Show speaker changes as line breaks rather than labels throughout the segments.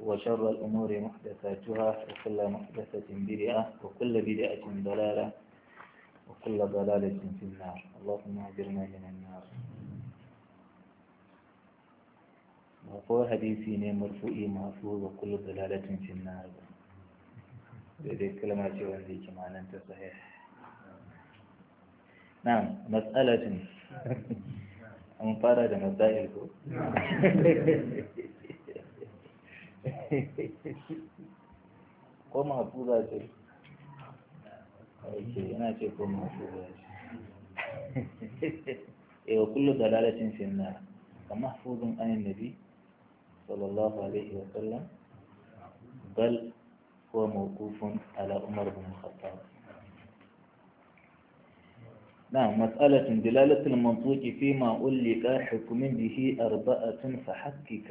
وشر الأمور محدثاتها وكل محدثة بدئة وكل بدئة ضلالة وكل ضلالة في النار اللهم أجرنا من النار وهو حديثي مرفوئي محفوظ وكل ضلالة في النار هذه الكلمات وهذه كما أنت صحيح نعم مسألة أم مسائل ko mafuza ce ake yana ce ko mafuza ce eh wa kullu dalalatin fi nar kama hafuzun an nabi sallallahu alaihi wa sallam bal huwa mawqufun ala umar bin khattab نعم مسألة دلالة المنطوق فيما ألقى حكم به أربعة فحكك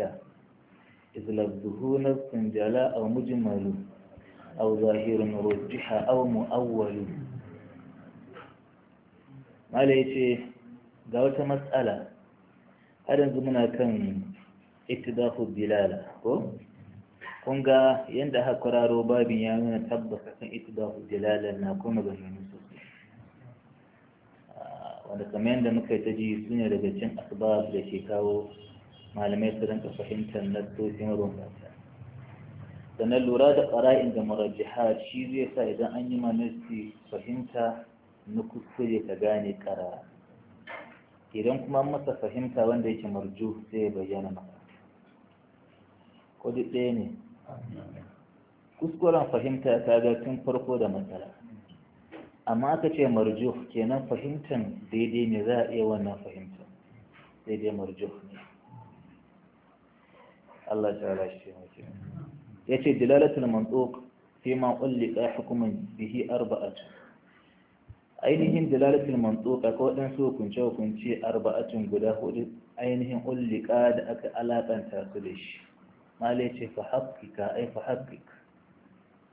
إذ لفظه نفس جلاء أو مجمل zahirun ظاهر رجح أو مؤول ما ليش قالت مسألة har yanzu muna kan ittidafu bilala, ko kun ga yadda aka kwararo babin ya nuna tabbata kan ittidafu bilala na kuma ganin sosai wanda kamar yadda muka yi ta ji su ne daga cin asbab da ke kawo malamai su rinka fahimtar nassofin rungunsa sannan lura da ƙara'in da marajiha shi zai sa idan an yi manassi fahimta na kuskure ta gane ƙara idan kuma masa fahimta wanda yake marju sai bayyana maka kodi ɗaya ne kuskuren fahimta ta ga tun farko da matsala amma aka ce marju kenan fahimtan daidai ne za a iya wannan fahimta daidai marju Allah ta'ala shi taimake ya ce dilalatul mantuq fi ma ulliqa hukumin bihi arba'at ainihin dilalatul mantuq ko dan su hukunce hukunce arba'atun guda hudu ainihin ulliqa da aka alakanta su da shi malai ce fa haqqika ai fa haqqik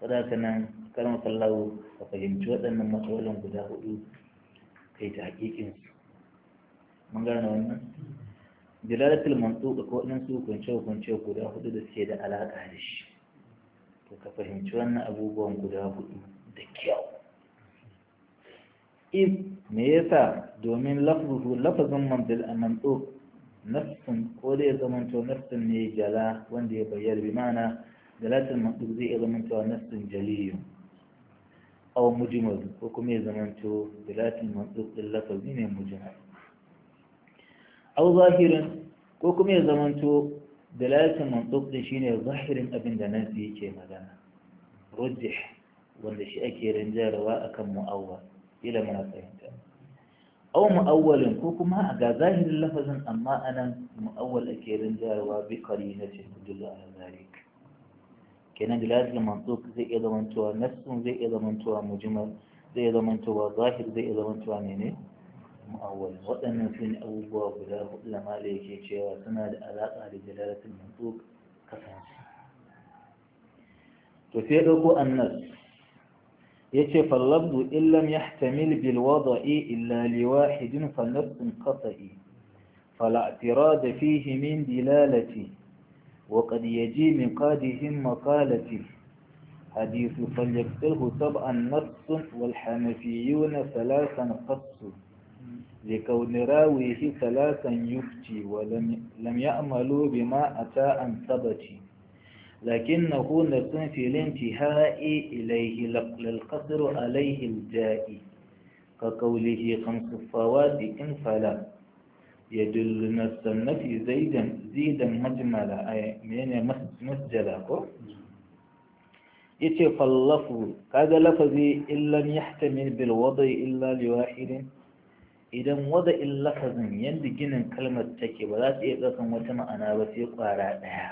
sadaka nan kalmar kallahu ka fahimci waɗannan matsalolin guda hudu kai ta hakikin mun gane wannan dilalatul mantuqa ko ɗan su kunce kunce guda hudu da suke da alaka da shi to ka fahimci wannan abubuwan guda hudu da kyau if me yasa domin lafazin mantuq nafsun ko da ya zamanto nafsun ne jala wanda ya bayyana bi ma'ana dalatul mantuq zai iya zamanto nafsun jaliyun aw mujmal ko kuma ya zamanto dalatul mantuq din lafazi ne mujmal au zahirin ko kuma ya zamanto dalalatin mantuk da shine zahirin abin da nan yake magana rujjih wanda shi ake rinjarawa akan mu'awwal ila muna fahimta au mu'awwalin ko kuma a ga zahirin lafazin amma anan mu'awwal ake rinjarwa bi qarinatin tudullu ala zalik kenan dalalatul mantuq zai iya zamantowa nassun zai iya zamantowa mujmal zai iya zamantowa zahir zai iya zamantowa ne أول وأن في أبواب لا لا مالك يجي وسند على قال جلالة المنطوق كفن تفيدك النص يجي فاللفظ إن لم يحتمل بالوضع إلا لواحد فالنص انقطعي فلا اعتراض فيه من دلالتي وقد يجي من قادهم مقالتي حديث فليقتله طبعا نص والحنفيون ثلاثا قصوا لكون راويه ثلاثا يفتي ولم يأملوا بما أتى عن ثبت لكنه نص في الانتهاء إليه للقصر عليه الجائي كقوله خمس فوات إن فلا يدل نفس النفي زيدا زيدا مجملا أي من مسجلا يتفلف هذا لفظي إن لم يحتمل بالوضع إلا لواحد idan wada in lafazin yadda ginin kalmar take ba za su iya ɗaukan wata ma'ana ba sai ƙwara ɗaya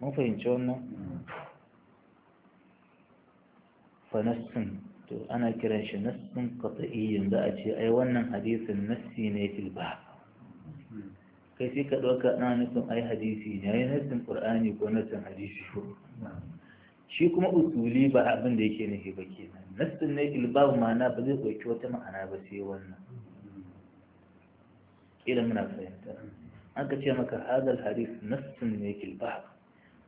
mun fahimci wannan fanassin to ana kiran shi nassin qat'iyyin za a ce ai wannan hadisin nassi ne fil ba. kai sai ka ɗauka na nufin ai hadisi ne ai nassin qur'ani ko nassin hadisi shi kuma usuli ba abin da yake nufi ba kenan nassin ne ilbabu ma'ana ba zai ɗauki wata ma'ana ba sai wannan idan muna fahimta an ka ce maka hadal hadis nassin ne ilbabu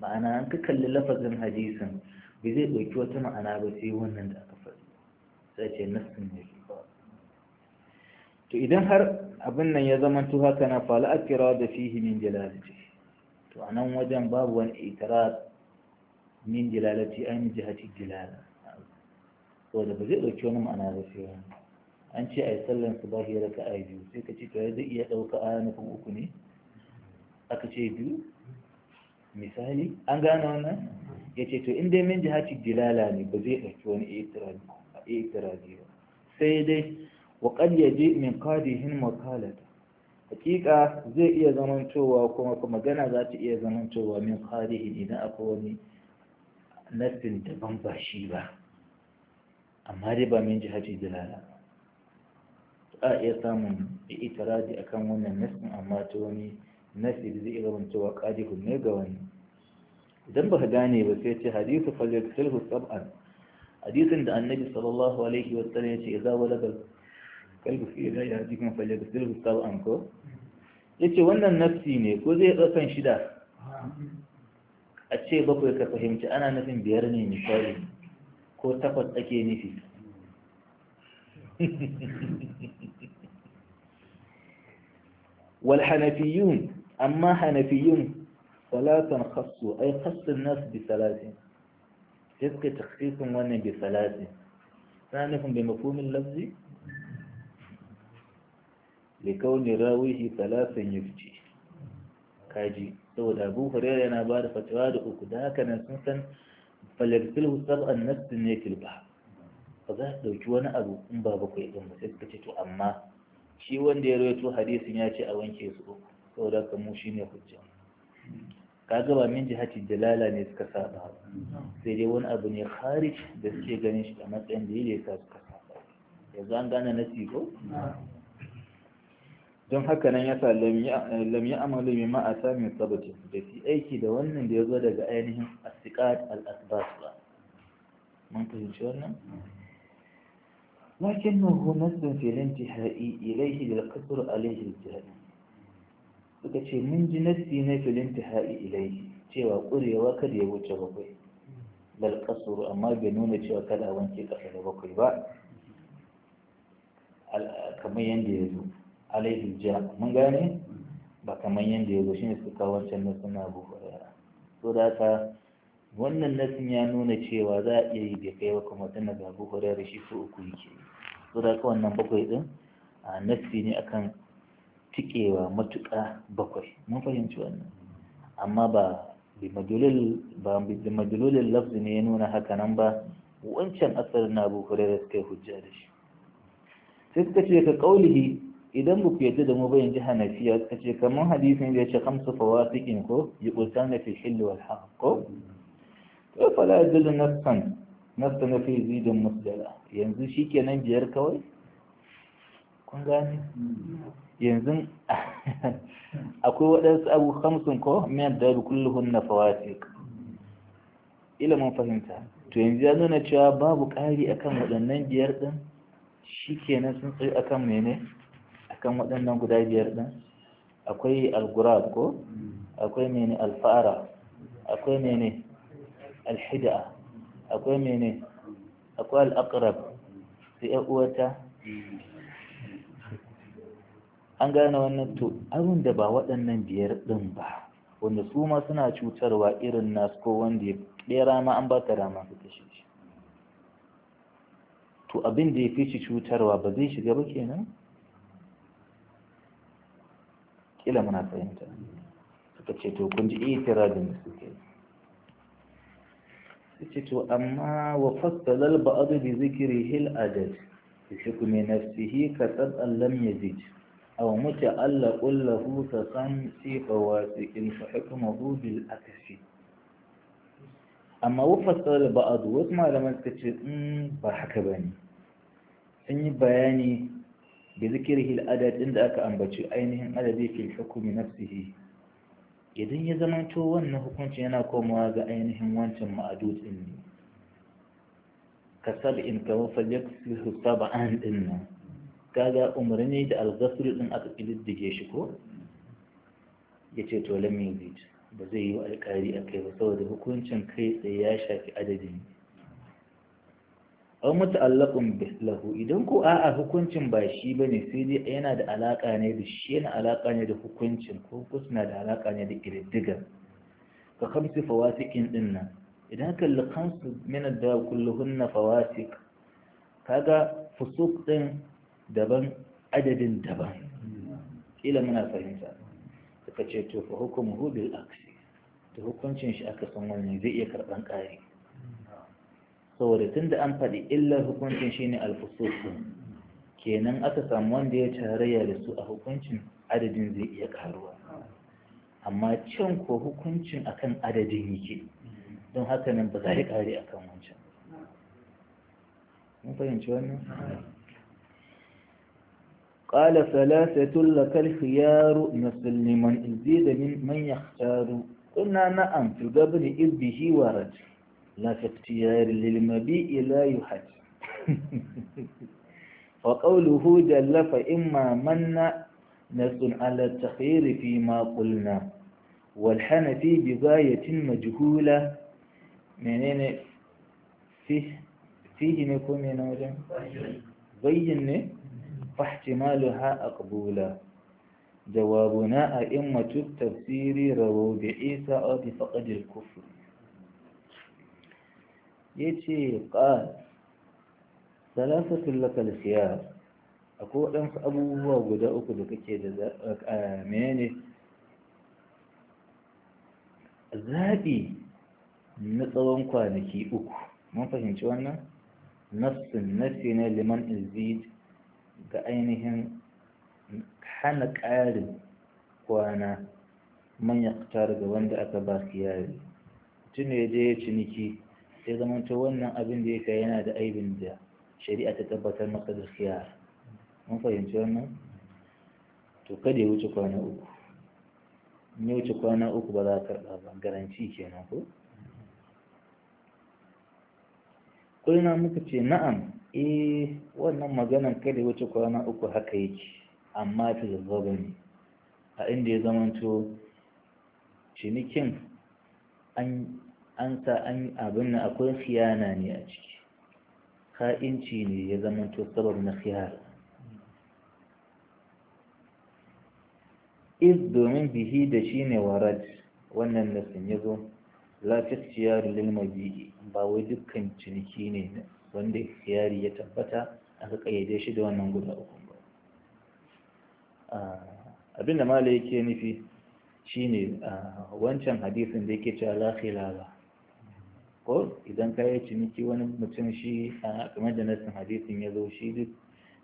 ma'ana an ka kalli lafazin hadisin ba zai ɗauki wata ma'ana ba sai wannan da aka faɗi sai ce nassin ne ilbabu to idan har abin nan ya zama to haka na fala akira da fihi min jalalati to anan wajen babu wani itiraz min jalalati ay min jihati jalala saboda ba zai ɗauki wani ma'ana ba sai wani an ce a yi sallan su ba hira ka a biyu sai ka ce to zai iya ɗauka a kan uku ne aka ce biyu misali an gane wannan ya ce to in dai min jihati dilala ne ba zai ɗauki wani itirazi ba sai dai wa qad yaji min qadihin maqalata hakika zai iya cewa kuma magana za ta iya cewa min qadihin idan akwai wani nassin daban ba shi ba amma dai ba min jihati dalala a iya samun itirazi akan wannan nasin amma ta wani nasi da zai iya cewa qadihun ne ga wani idan ba gane ba sai ce hadithu falyatilhu sab'an hadisin da annabi sallallahu alaihi wa sallam ya ce idza walaga kalbu fi la yahdikum falyatilhu sab'an ko yace wannan nasi ne ko zai ɗaukan shida a ce bakwai ka fahimci ana nufin biyar ne misali ko takwas ake nufi walhanafiyun amma hanafiyun salatan khassu ay khassun nas bi salatin yadda takfifin wannan bi salatin ta nufin bai mafumin lafzi likauni rawihi salatin yufci kaji saboda abu hurairu yana ba da fatawa da uku da haka nan sun falarfil husab an nassin ne ba za su ɗauki wani abu in ba bakwai ɗin ba sai suka ce to amma shi wanda ya rawaito hadisin ya ce a wanke su uku saboda haka mu hujja kaga ba min jihati dalala ne suka saba sai dai wani abu ne kharij da suke ganin shi a matsayin da ya sa suka saba yanzu an gane nasi ko don haka nan ya sa lam ya amalu mai ma'asa min sabati da fi aiki da wannan da ya zo daga ainihin asiqat al-asbas ba mun fahimci wannan lakin na hunasun filin tihai ilaihi da kasur alaihi tihai suka ce mun ji nassi na filin tihai ilaihi cewa kurewa kada ya wuce bakwai bal kasuru amma bai nuna cewa kada wanke kasa da bakwai ba kamar yadda ya zo alaihi jiya mun gane ba kamar yadda ya zo ne suka kawo wancan na na abu hurairah so da haka wannan nasin ya nuna cewa za a iya yi bai kai ba kuma tun ga abu hurairah shi su uku yake so da haka wannan bakwai din a nasi ne akan tikewa matuƙa bakwai mun fahimci wannan amma ba bimadulolin lafzi ne ya nuna haka nan ba wancan asalin na abu hurairah suka yi hujja da shi sai suka ce ka kaulihi idan ba ku yadda da mu bayan jiha na fiya suka ce kamar hadisin da ya ce kamsu fawasikin ko yi ƙuta na fi hillu wal ko to fala yadda da nassan naftan na fi zidin musdala yanzu shi ke nan biyar kawai kun gani yanzu akwai waɗansu abu hamsin ko miyar da kulluhun na Ila mun fahimta to yanzu ya nuna cewa babu ƙari akan waɗannan biyar ɗin shi kenan sun tsaye akan mene cikin waɗannan guda biyar ɗin akwai algurab ko akwai mene alfara akwai mene alhida akwai mene akwai al'akarab da ya uwata an gane wannan to abin da ba waɗannan biyar ɗin ba wanda su ma suna cutarwa irin nasu ko wanda ya ɗera ma an ba ta rama su kashe shi to abin da ya fi shi cutarwa ba zai shiga ba kenan kila muna fahimta suka ce to kun ji itirabin da suke su ce to amma wa fassalar ba'adu bi zikiri hil adad bi hukumi nafsihi ka tsadan lam yazid aw muta'allaqu lahu ka san fi qawasiqin fa hukmuhu bil aksi amma wa fassalar ba'adu wasu malaman suka ce in mm, ba haka ba ne? sun yi bayani bi zikirhi ɗin inda aka ambaci ainihin adadi fil hukumi nafsihi idan ya zamanto wannan hukunci yana komawa ga ainihin wancan ma'adud din ne ka sab'in kamar falyaksu sab'an din nan kaga umarni da al-ghasl din aka kididdige shi ko yace to lam zai" ba zai yi alƙari akai ba saboda hukuncin kai tsaye ya shafi adadin aw muta'allaqun lahu idan ko a'a hukuncin ba shi bane sai dai yana da alaka ne da shi yana alaka ne da hukuncin ko suna da alaka ne da kididdiga ka khamsu fawasikin din nan idan kalli khamsu min da kulluhunna fawasik kaga fusuk din daban adadin daban kila muna fahimta kace to fa bil aksi to hukuncin shi aka san wannan zai iya karban ƙari saboda tun da an faɗi illar hukuncin shine alfusufu, kenan aka samu wanda ya tarayya da su a hukuncin adadin zai iya karuwa amma can ko hukuncin akan adadin yake don haka nan ba za a kare akan wancan mun fahimci wannan قال ثلاثة لك الخيار مثل لمن ازيد من من يختار قلنا نعم في إذ به ورد لا في اختيار للمبيء لا يحج وقوله جل فإما من نص على التخير فيما قلنا والحنفي بغاية مجهولة أين فيه فيه نكون من وجه بين فاحتمالها أقبولا جوابنا أئمة التفسير رووا بعيسى فقد الكفر ya ce ƙal salafatun lakal khiyar akwai waɗansu abubuwa guda uku da kake da menene zaɓi na tsawon kwanaki uku mun fahimci wannan nassin nassi na liman izid ga ainihin hana ƙarin kwana man ya ga wanda aka ba su yari tun ya je ya ciniki sai ta wannan abin da ya kai yana da aibin da shari'a ta tabbatar maka da khiyar mun fahimci wannan to kada ya wuce kwana uku in ya wuce kwana uku ba za ka karɓa ba garanci kenan ko na muka ce na'am eh wannan maganan kada ya wuce kwana uku haka yake amma ta ba ne a inda ya zamanto cinikin an an sa an abin nan akwai khiyana ne a ciki ka'inci ne ya zama to sabab na khiyar iz domin bihi da shi ne warad wannan nasin ya zo lafis ciyar lilmaji ba wai dukkan ciniki ne wanda khiyari ya tabbata aka kayyade shi da wannan guda uku ba ah, abin da mala yake nufi shine ah, wancan hadisin da yake cewa la khilala ko idan ka yi ciniki wani mutum shi a kamar da nasin hadisin ya zo shi duk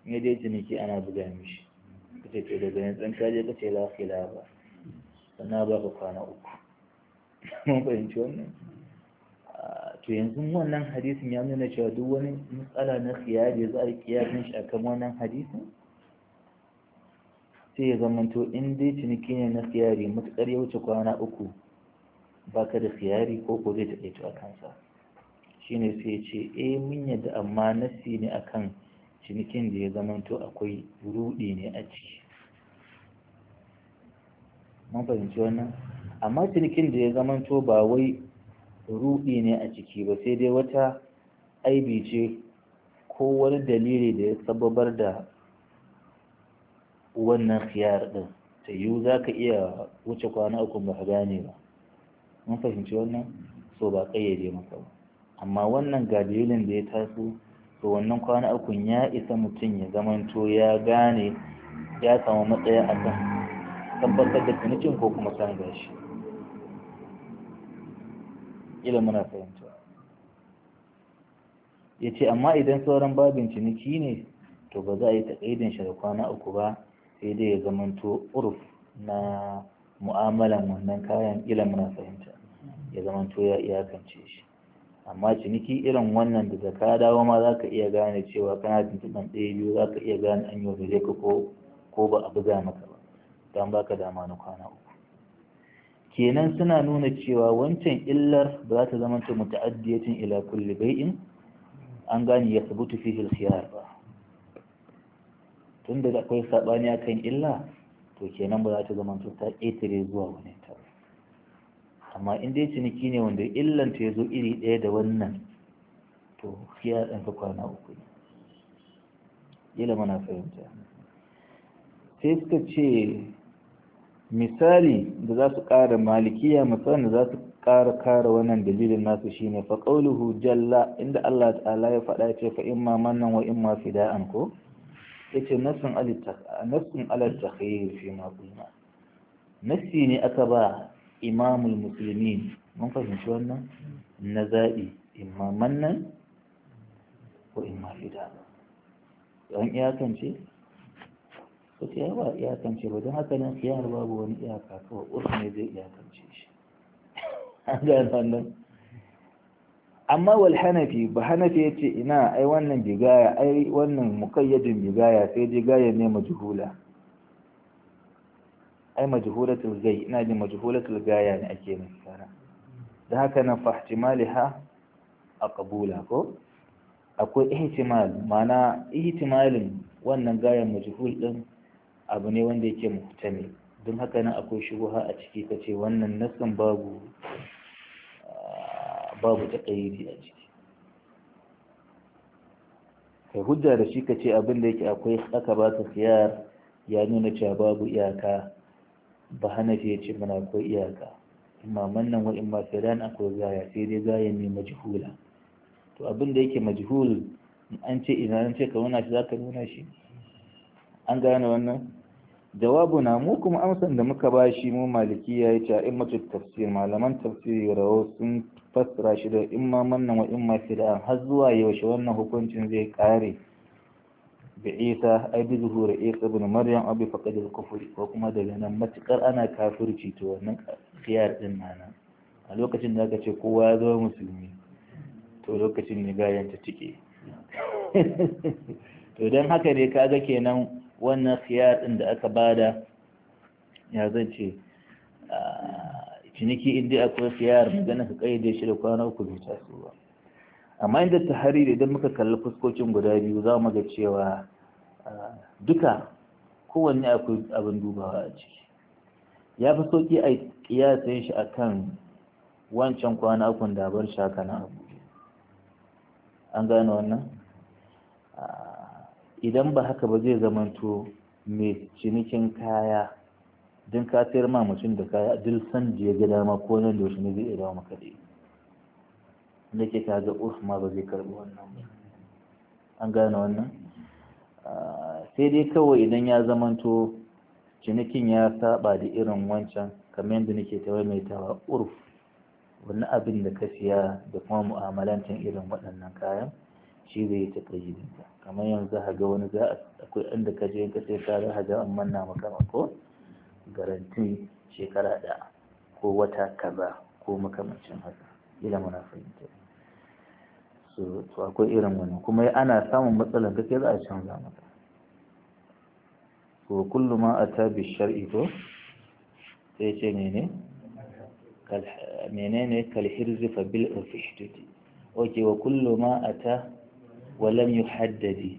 ya dai ciniki ana buga mishi kace to daga yanzu an kaje kace la khilafa na ba ka kwana uku mun fahimci wannan to yanzu wannan hadisin ya nuna cewa duk wani matsala na khiyari za a kiyasin shi akan wannan hadisin sai ya zamanto in dai ciniki ne na khiyari matukar ya wuce kwana uku ba ka da khiyari ko ko zai taɓa a kansa shi ne sai ce e mun yadda amma nassi ne akan cinikin da ya zamanto akwai ruɗi ne a ciki mun fahimci wannan amma cinikin da ya zamanto ba wai ruɗi ne a ciki ba sai dai wata aibi ce ko wani dalili da ya sababar da wannan khiyar din ta yiwu za ka iya wuce kwana uku ba ka gane ba mun fahimci wannan so ba kayyade maka ba amma wannan ga da ya taso to wannan kwana uku ya isa mutum ya zamanto ya gane ya samu matsaya a kan tabbatar da tunicin ko kuma san gashi ila muna fahimta ya ce amma idan sauran babin ciniki ne to ba za a yi taƙaidin shi da kwana uku ba sai dai ya zamanto uruf na mu'amalan wannan kayan ila muna fahimta ya zama to ya iyakance shi amma ciniki irin wannan da ka dawo ma zaka iya gane cewa kana tuntuɓan ɗaya biyu zaka iya gane an yi gare ka ko ba a buga maka ba don baka dama na kwana uku kenan suna nuna cewa wancan illar ba za ta zama ta muta'addiyatin ila kulli bai'in an gane ya sabutu fihi al-khiyar ba tunda da akwai sabani akan illa to kenan ba za ta zama ta ƙetare zuwa wani amma in dai ciniki ne wanda illanta ya zo iri ɗaya da wannan to ya ɗanka kwana uku ne ila mana fahimta sai suka ce misali da za su ƙara malikiya misali da za su ƙara kara wannan dalilin nasu shine fa qawluhu jalla inda Allah ta'ala ya faɗa ce fa in ma mannan wa in imma fida'an ko yace ce nassin nassun fi ma kuma nassi ne aka ba imamul musulmi mun fahimci wannan na zaɓi imaman nan ko imma fida don iyakance ko ce ba iyakance ba don haka nan siyar babu wani iyaka kawai ursu ne zai iyakance shi an gane wannan amma wal hanafi ba hanafi yace ina ai wannan bigaya ai wannan muqayyadin bigaya sai bigaya ne majhula ai majhulatul gai ina jin majhulatul gaya ne ake nufi da haka nan ha a kabula ko akwai ihtimal mana ihtimalin wannan gayan majhul din abu ne wanda yake muhtami don haka nan akwai shubuha a ciki kace wannan nasin babu ah, babu taqayyidi a ciki kai hujja da shi kace abin da yake akwai aka ba ta siyar ya nuna cewa babu iyaka ba hanafi ya ce mana akwai iyaka imaman nan wa sai dan akwai gaya sai dai gaya ne majhula to abin da yake majhul an ce ina an ce ka nuna shi zaka nuna shi an gane wannan jawabu na mu kuma amsan da muka ba shi mu maliki ya ce a'immatu tafsir malaman tafsiri rawo sun fassara shi da imma mannan wa sai dan har zuwa yaushe wannan hukuncin zai kare bi isa ai bi zuhuri isa ibn maryam abi faqad al kufri ko kuma daga nan matukar ana kafirci to wannan khiyar din nana a lokacin da aka ce kowa ya zama musulmi to lokacin ne gayan ta tike to don haka ne kaga kenan wannan khiyar din da aka bada ya zan ce ah, ciniki inda akwai khiyar magana ka kaide shi da kwana uku bai amma inda da idan muka kalli fuskokin guda biyu za mu ga cewa duka kowanne akwai abin dubawa a ciki ya fi sauki a kiyasin shi kan wancan kwana ukun da bar shaka na abu an gane wannan idan ba haka ba zai zamanto mai cinikin kaya don ka sayar ma mutum da kaya duk san da ya ga dama ko nan da wasu ne zai iya dawo maka da ke kaga urf ma ba zai karɓi wannan an gane wannan ah, sai dai kawai idan ya zamanto cinikin ya saba da irin wancan kamar yadda nake ta tawa urf wani abin da ka siya da kuma mu'amalantan irin waɗannan kayan shi zai ta kayyadinka kamar yanzu ga wani za akwai inda ka je ka sai ka za ga an manna maka ko garanti shekara ɗaya ko wata kaza ko makamancin haka ila muna fahimta so to akwai irin wani kuma ana samun matsalar kake za a canza mata ko kullu ma ata bi shar'i to sai ce mene menene kal hirzi fa bil ihtidi oke wa kullu ma ata wa lam yuhaddadi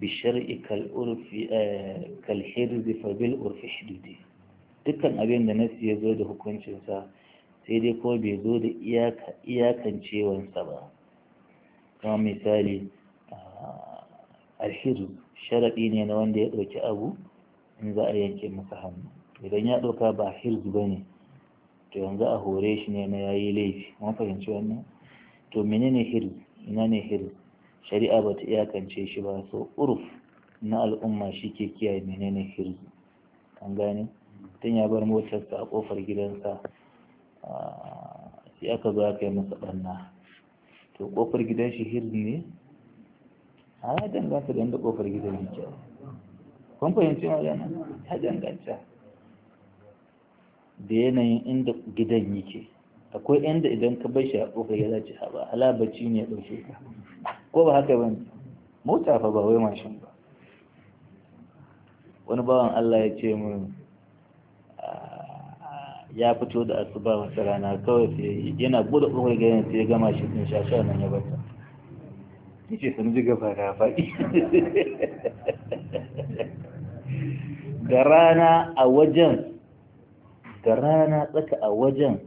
bi shar'i kal urfi eh, kal hirzi fa bil urfi ihtidi dukkan abin da nasi ya zo da hukuncinsa sai dai ko bai zo da iyakancewansa ba kamar misali alhizu sharaɗi ne na wanda ya ɗauki abu in za a yanke masa hannu idan ya ɗauka ba hirzu ba ne to yanzu a hore shi ne na yayi laifi mun fahimci wannan to menene hirzu ina ne hirzu shari'a ba ta iyakance shi ba so uruf na al'umma shi ke kiyaye menene hirzu an gane tun ya bar motarsa a kofar gidansa sai aka zo aka yi masa ɓanna to kofar gidan shi hirdi ne a ya danganta da yadda kofar gidan shi kyau kun fahimci magana ya danganta da yanayin inda gidan yake akwai inda idan ka bai shi a kofar ya zaci ba halabaci ne ya ɗauke ka ko ba haka ba mota ba wai mashin ba wani bawan Allah ya ce mun ya fito da asuba wata rana kawai sai yana buɗe kofar ganin sai ya gama shi sun shashar nan ya bata ce sun ji gaba da faɗi da rana a wajen da rana tsaka a wajen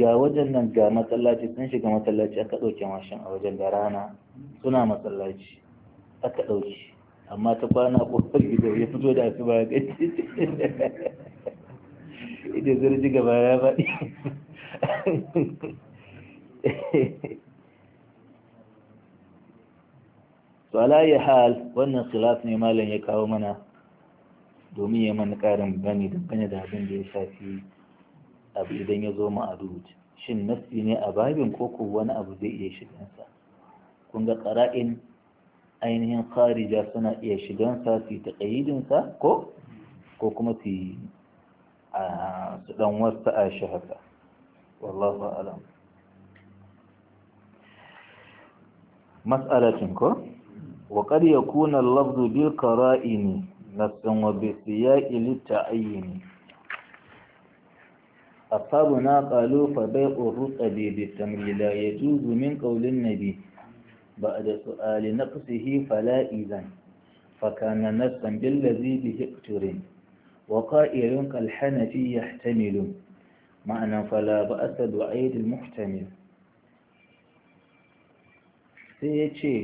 ga wajen nan ga matsalaci sun shiga matsalaci aka ɗauke mashin a wajen da rana suna matsalaci aka ɗauke amma ta kwana ƙofar gidan ya fito da asuba ya gaci da zurji gaba ya faɗi to hal wannan khilaf ne malam ya kawo mana domin ya mana ƙarin gani dangane da abin da ya shafi abu idan ya zo ma'adud shin nasi ne a babin koko wani abu zai iya shigansa kun ga ƙara'in ainihin kharija suna iya shigansa su yi ta ko ko kuma su su dan wasu a shi haka wallahu alam mas'alatin ko wa qad yakuna al-lafzu bil qara'ini nasan wa bi siyaqi lit-ta'ayyin أصابنا قالوا فبيع الرطب بالتمر لا يجوز من قول النبي بعد سؤال نقصه فلا إذن فكان نفسا بالذي به اقترن وقائل كالحنفي يحتمل معنى فلا بأس بعيد المحتمل سيتشي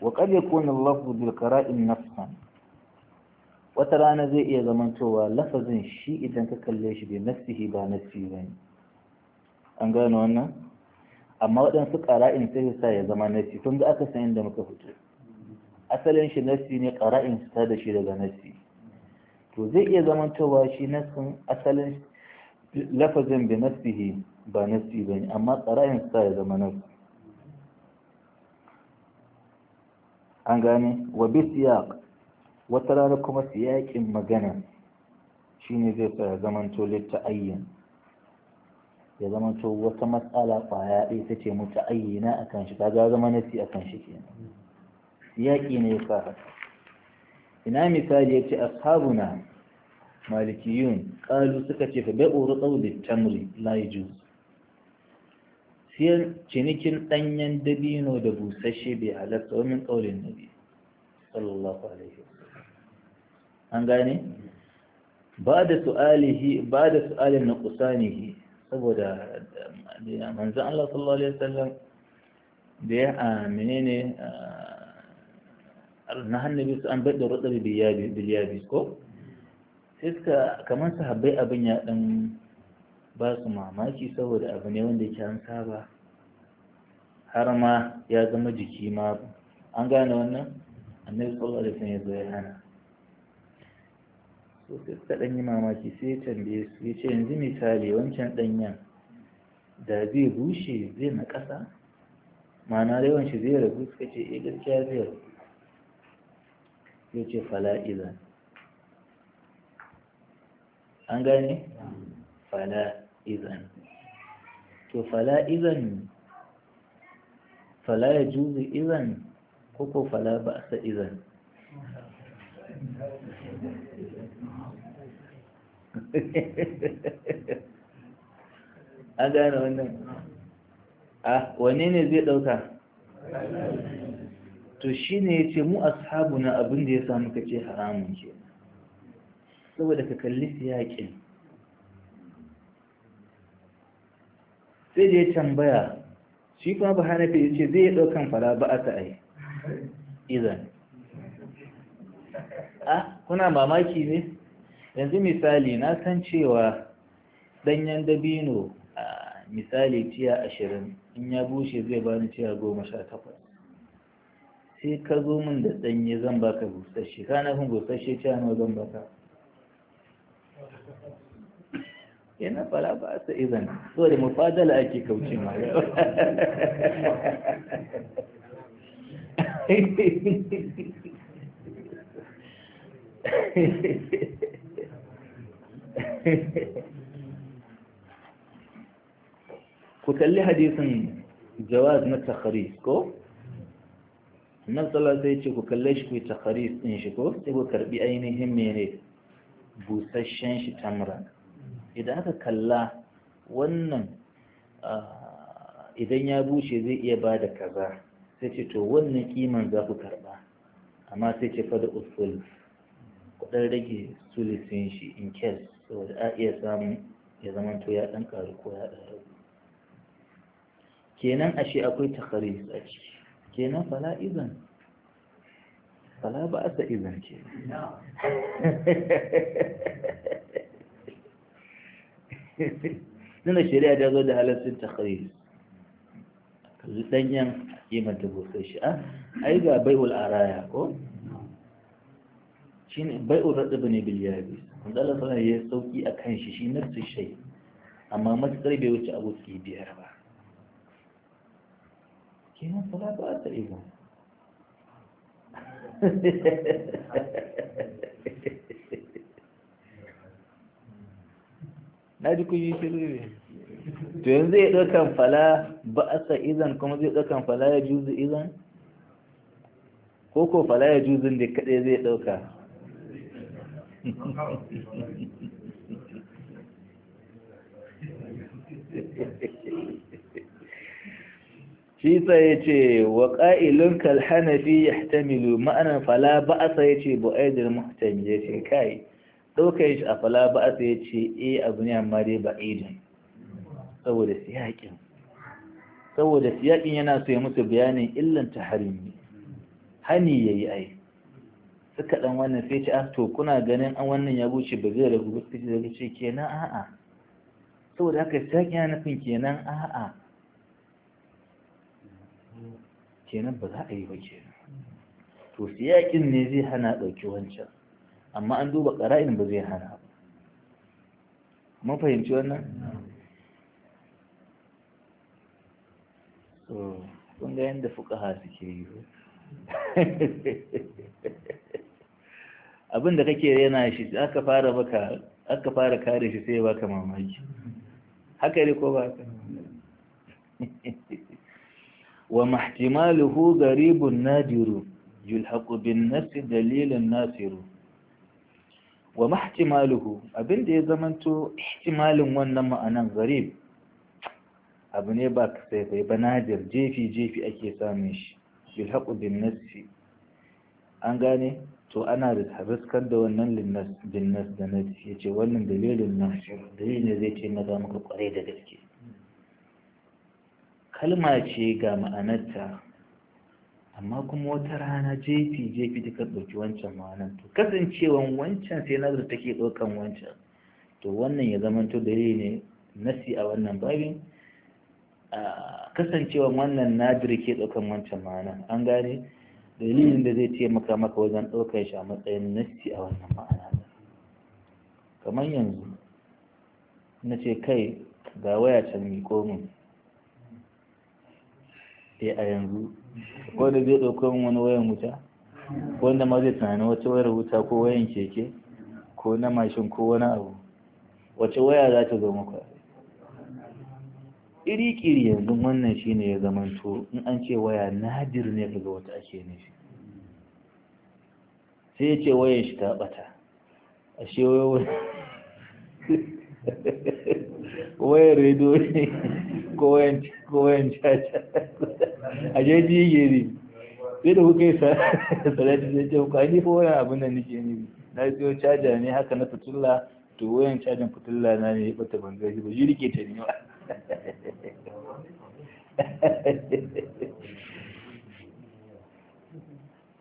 وقد يكون اللفظ بالقرائن نصا wata rana zai iya zamantowa lafazin shi idan ka kalle shi bai nafsihi ba nafsi ba an gano wannan amma waɗansu ƙara'in sai sa ya zama nafsi tun da aka san inda muka fito asalin shi nassi ne qara'in ta da shi daga nassi to zai iya zamantowa shi nassin asalin lafazin bi nassihi ba nassi ba ne amma qara'in ta ya zama nassi an gane wa bi siyaq wata rana kuma siyaqin magana shine zai zaman to litta ayyin ya to wata matsala kwaya ɗaya ta ce mutu ayyana a kan shi ta ga zama nassi a kan shi kenan yaƙi ne ya sa ina misali ya ce ashabuna malikiyun ƙalu suka ce fa bai'u rutsau da tamri la yajuz Siyan cinikin ɗanyen dabino da busasshe bai halatta wa min ƙaunin nabi sallallahu alaihi an gane ba da su'alihi ba da su'alin na kusanihi saboda eh, manzan Allah sallallahu alaihi wasallam da ya ah, menene ah, na nabi su an baɗa rutsa biliyabis ko sai suka kamar sahabbai abin ya ɗan ba su mamaki saboda abu ne wanda ke an saba har ma ya zama jiki ma an gane wannan annabi sallallahu alaihi ya zo ya hana so sai suka ɗan yi mamaki sai ya tambaye su ya ce yanzu misali wancan ɗanyen da zai bushe zai na ƙasa ma'ana yawan shi zai rabu suka ce eh gaskiya zai rabu ya ce fala'iza an gane? fala'izan to fala'izan fala ya juzu izan koko fala ba sa izan an gane wannan A ah, wane ne zai ɗauka to shi ne ya ce mu ashabu na abin da ya samu ka ce haramun ke saboda ka kalli siyaƙin sai da ya tambaya shi kuma ba hanafi ya ce zai ɗaukan fara ba a ta'ai izan A kuna mamaki ne yanzu misali na san cewa ɗanyen dabino a misali tiya ashirin in ya bushe zai bani tiya goma sha takwas sai ka zo min da ɗanye zan baka busasshe ka kun gusashe cewa nawa zan baka yana fara ba a sa izan so da mufadala ake kauce ma ku kalli hadisin jawaz na takhari ko annan sallah sai ce ku kalle shi ku ta kharis ɗin shi ko sai ku karɓi ainihin mene busasshen shi tamra idan aka kalla wannan ah, idan ya bushe zai iya bada kaza sai ce to wannan kiman za ku karɓa amma sai ce fa da usul kuɗin rage sulisin shi in case saboda a iya samu ya zama to ya ɗan ƙaru ko ya ɗan rabu kenan ashe akwai takharis a ciki kenan fala izan fala ba a sa izan ke nuna shari'a ta zo da halittun ta ka zu danyen mata busai shi ah, ai ga bai'ul araya ko shine bai'ul radib ne bane yabi wanda Allah ya sauki akan shi shi nafsu shay amma matakar bai wuce abu biyar ba kenan fala ba ta ihu na ji yi shirye to yanzu ya ɗaukan fala ba a sa izan kuma zai ɗaukan fala ya juzu izan ko ko fala ya juzun da kaɗai zai ɗauka Thank you. shi sa ya ce wa ƙa'ilun kalhanafi ya tamilu ma'anar fala ba'asa ya ce bu'aidar muhtami ya ce kai ɗaukar shi a fala ba'asa ya ce e abu ne amma dai ba'idin saboda siyaƙin saboda siyaƙin yana so ya musu bayanin illan harin hani ya yi ai suka ɗan wannan sai ce a ah, to kuna ganin an wannan ya buce ba zai ragu ba sai ce kenan a'a saboda haka siyaƙin yana nufin kenan a'a kenan ba za a yi ba ke to siyakin ne zai hana ɗauki wancan amma an duba ƙara'in ba zai hana ba mun fahimci wannan so kun ga yadda fukaha suke yi abin da kake yana shi aka fara baka aka fara kare shi sai baka mamaki haka ne ko ba haka wa mahtimaluhu garibun nadiru yulhaqu bin nafsi dalilin nasiru wa mahtimaluhu abinda ya zamanto ihtimalin wannan ma'anan garib abu ne ba sai bai ba nadir jefi jefi ake samun shi bin an gane to ana da riskar da wannan linnas bin da nas yace wannan dalilin nasir dalilin zai ce na ga maka da gaske kalma ce ga ma'anarta amma kuma wata rana jefi jefi ka ɗauki wancan ma'anar to kasancewan wancan sai nazar take ɗaukan wancan to wannan ya zama to dare ne nasi a wannan babin kasancewan wannan nadir ke ɗaukan wancan ma'anar an gane dalilin da zai taimaka maka wajen ɗaukar shi a matsayin nasi a wannan ma'ana kamar yanzu na ce kai ga waya can mi komin sai a yanzu wanda zai ɗauko wani wayan wuta wanda ma zai tunani wata wayar wuta ko wayan keke ko na mashin ko wani abu wace waya za ta zo maka iri kiri yanzu wannan shine ya to in an ce waya nadir ne daga wata ake nufi sai ya ce wayan shi ta bata ashe wayar rediyo ne kowayen kowayen caca a je jige sai da kuka yi salati zai ce kuka ni fa wayan abin da nake ni na siyo caja ne haka na fitilla to wayan cajin fitilla na ne ya bata ban gashi ba shi rike ta ne ba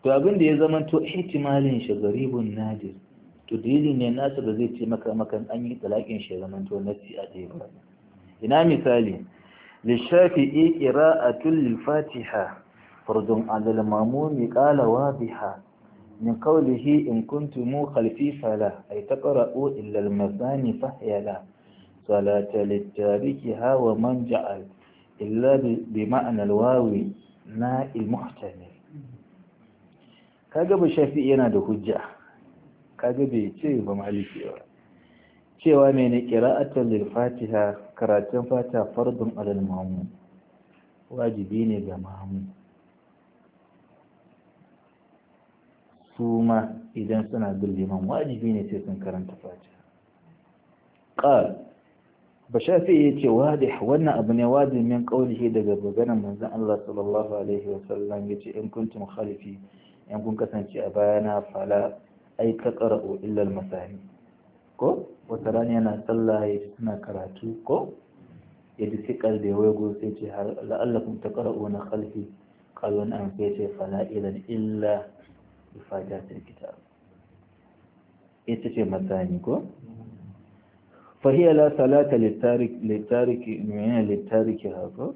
to abin da ya zama to ihtimalin shi garibun nadir to dalili ne nasa da zai ce maka makan an yi talakin shi zaman to nasi a ɗaya ba ina misali للشافعي قراءة للفاتحة فرد على المامون قال واضحة من قوله إن كنتم خلفي فلا أي تقرأوا إلا المثاني فهي لا صلاة للتاركها ومن جعل إلا بمعنى الواو na ilmuhtamil kaga ba shafi yana da hujja kaga bai ce ba maliki ba cewa mai ne qira'atan lil fatiha karatun fata fardun alal mamu wajibi ne ga mamu su ma idan suna bin liman wajibi ne sai sun karanta fata ƙal ba shafi ya ce wadih wannan abu ne wajin min ƙaunihi daga maganar manzan Allah sallallahu alaihi wasallam ya ce in kuntum khalifi in kun kasance a bayana fala ai ka ƙara'u illal masani ko wata rana yana sallah ya ji suna karatu ko ya ji sikar da ya waigo sai ce la'allakum na khalfi kalon an fi ce fala illa" illa bi kita ya ta ce masani ko fahiyala salata littariki mai yana littariki hako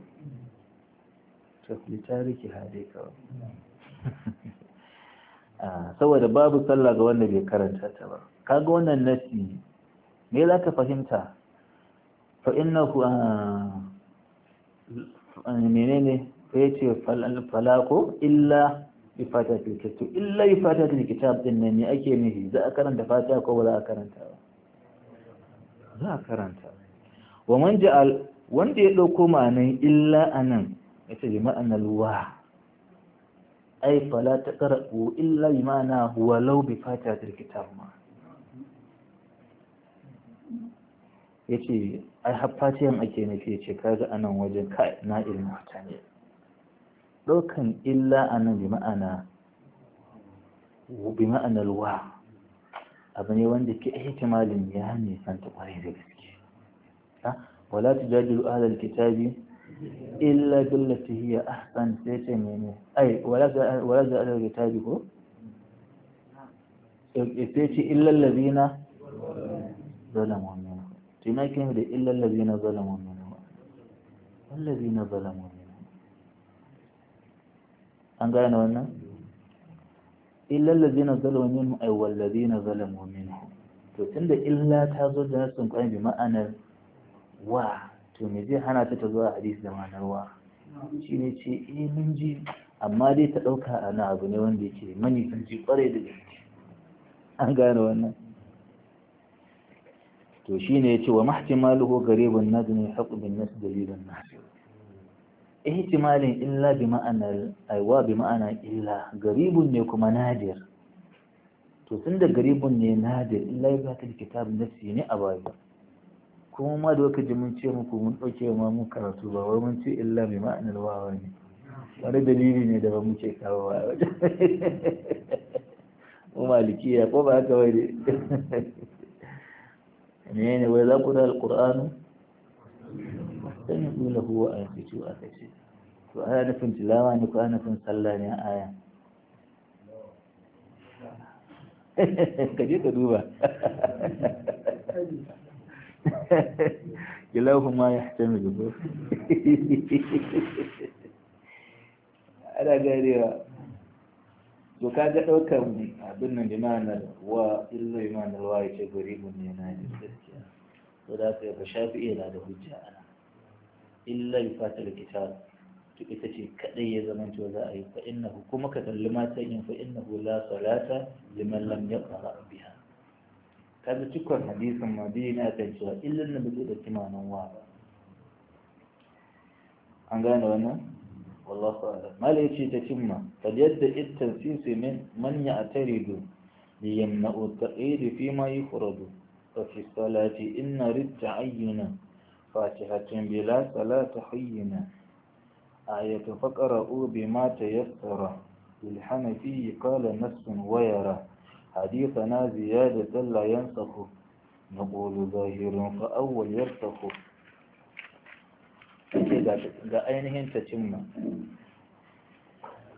to littariki haɗe ka ah, saboda babu sallah ga wanda bai karanta ta ba kaga wannan nasi me za ka fahimta fa inna ku ah, menene fa ya ce falako illa bi fata kitab illa bi fata kitab din ne ake nufi za a karanta fata ko ba za a karanta ba za a karanta wa man ja'al wanda ya dauko ma'anan illa anan yace bi ma'anar wa ai fala taqra'u illa bi ma'ana walau bi fata fil kitab ma ya ce ai haffaciyan ake nufi ya ce kaga nan wajen ka na ilmi wata ne ɗaukan illa a nan bi ma'ana bi ma'anar wa abu ne wanda ke ihtimalin ya ne nisanta kwarai da gaske wala ta tujadilu ahlal kitabi illa billati hiya ahsan sai ce mene ai wala wala da ahlal kitabi ko sai ce illa allazina zalamu sai na kiran da illal ladina zalamu minhum wallazina zalamu minhum an gane wannan illal ladina zalamu minhum ay wallazina zalamu minhum to tunda illa ta zo da nasin kwai bi ma'anar wa to me zai hana ta ta zuwa hadisi da ma'anar wa shine ce eh mun ji amma dai ta ɗauka a na abu ne wanda yake ji kwarai da gaske an gane wannan to shine yace wa mahtimaluhu gharibun nadmi haqq bin nas dalilun nasir ihtimalin illa bi ma'anar aiwa bi ma'ana illa garibun ne kuma nadir to tun da garibun ne nadir illa ya zata da kitab nafsi ne a baya kuma ma da waka ji mun ce muku mun ɗauke ma mun karatu ba wai mun ce illa bi ma'anar wawa ne wani dalili ne da ba ce kawo ba wajen mu malikiya ko ba haka wai ne ne ne wai za ku da alƙur'anu sai ya kula huwa a yanzu a kashe to ana nufin tilawa ne ko ana nufin sallah ne a aya ka je ka duba ma ya tamilu ana ganewa to ka ga ɗaukar abin nan limanar wa illa limanar wa ya ce mun ne na ji gaskiya to da aka yaba shafi iya da hujja ana illa ya fata da to ita ce kaɗai ya zama to za a yi fa inna kuma ka kalli mata yin fa inna la salata liman lam ya fara biya ka ga cikon hadisin ma biyu na kan cewa illa na bai da kimanin wa an gane wannan والله ما ليش تتم فليد التنسيس من من يعترض ليمنع التقييد فيما يفرض ففي الصلاة إن ردت عينا فاتحة بلا صلاة حينا آية فقرأوا بما تيسر للحنفي قال نفس ويرى حديثنا زيادة لا ينسخ نقول ظاهر فأول يرسخ ga ainihin ta cimma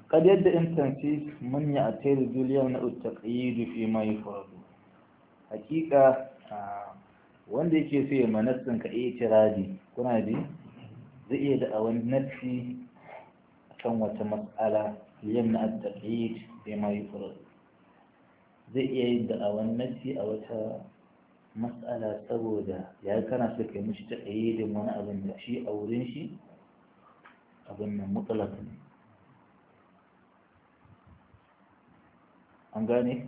kad yadda in mun man ya atayar duliyar na utaqiyidu fi ma yufradu hakika wanda yake so ya manassin ka itiradi kuna ji zai iya da awan nafsi kan wata matsala yin na taqyid bi ma yufradu zai iya yin da awan nafsi a wata matsala saboda ya kana so kai mishi taƙayyadin wani abin da shi a wurin shi abin nan mutlaq ne an gane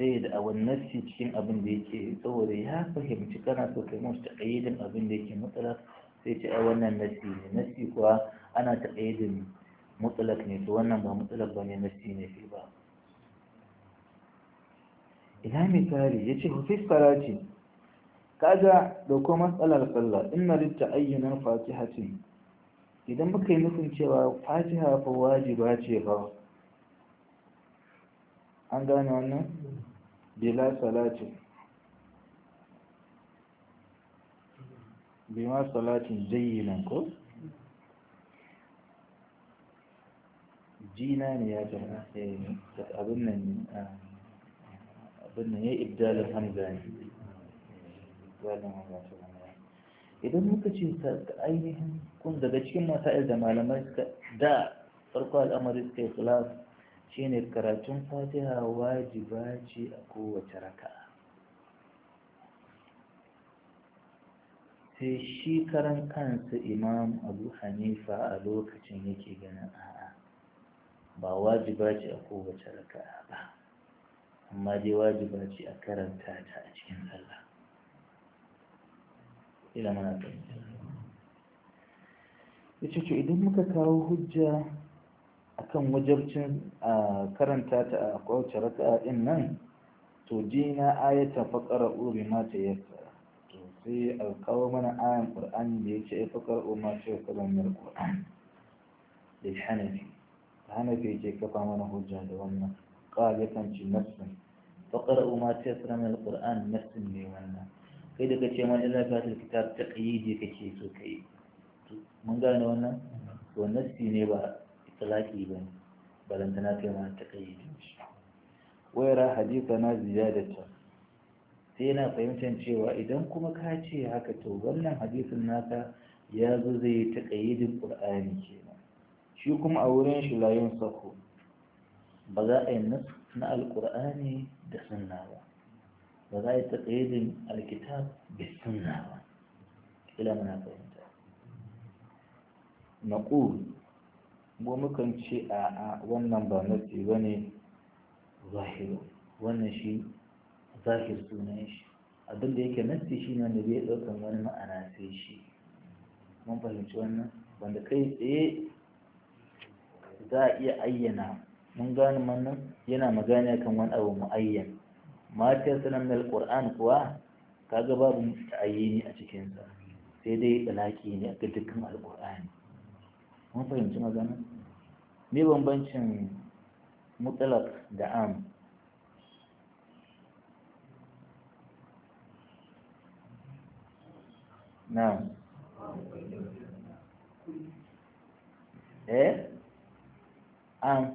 sai da abin nassi cikin abin da yake saboda ya fahimci kana so kai mishi taƙayyadin abin da yake mutsala sai ce a wannan nassi ne nassi kuwa ana taƙayyadin mutlaq ne to wannan ba ba ne nassi ne shi ba ina misali ya ce hufis karati kaga da kuma matsalar sallah inna litta ayyunan fatihatin idan muka yi nufin cewa fatiha fa wajiba ce fa an gane wannan bila salati bima salatin jayyinan ko jina ne ya jana eh, abin nan ah, wannan ya ibdalin ibdalin hamza ne idan muka ce ainihin kun daga cikin masa'il da malamai da farko al'amari suka yi shi ne karatun fatiha wajiba ce a kowace raka'a sai shi karan kansa imam abu hanifa a lokacin yake ganin a'a ba wajiba ce a kowace raka'a ba amma dai wajiba ce a karanta ta a cikin sallah ila mana yace to idan muka kawo hujja akan wajabcin a karanta ta a kwace raka'a din nan to dina ayatan faqara uri ma ta yassara to sai a kawo mana ayan qur'ani da yace ai faqara uri ma ta yassara min qur'an da hanafi hanafi yake kafa mana hujja da wannan قال يكنش نفسا فقرأوا ما تيسر من القرآن نفسا ليوانا كيدا كتشي من إلا فات الكتاب تقييدي كتشي سوكي من قال نوانا هو نفسي نبا إطلاقي بن بل أنتنا كما تقييدي ويرى حديثنا زيادة سينا yana fahimtar cewa كما kuma هكا ce haka to wannan hadisin naka ya zo zai ta ƙayyadin ƙur'ani kenan shi kuma a wurin shi layin sako ba za a yi na alƙur'ani da sunna ba ba za a yi taƙaidin alkitab da sunna ba ila muna fahimta na ƙu mu mukan ce a wannan ba nasi ba ne zahiru wannan shi zahir sunan shi abinda yake nasi shi ne wanda zai ɗaukar wani ma'ana sai shi mun fahimci wannan wanda kai tsaye za a iya ayyana mun gane wannan yana magana kan wani abu mu'ayyan matar sanar da alƙur'an kuwa kaga babu ta'ayyini a cikinsa sai dai ɗalaƙi ne ga dukkan Alƙur'an. mun fahimci magana ne bambancin mutlaq da am na eh am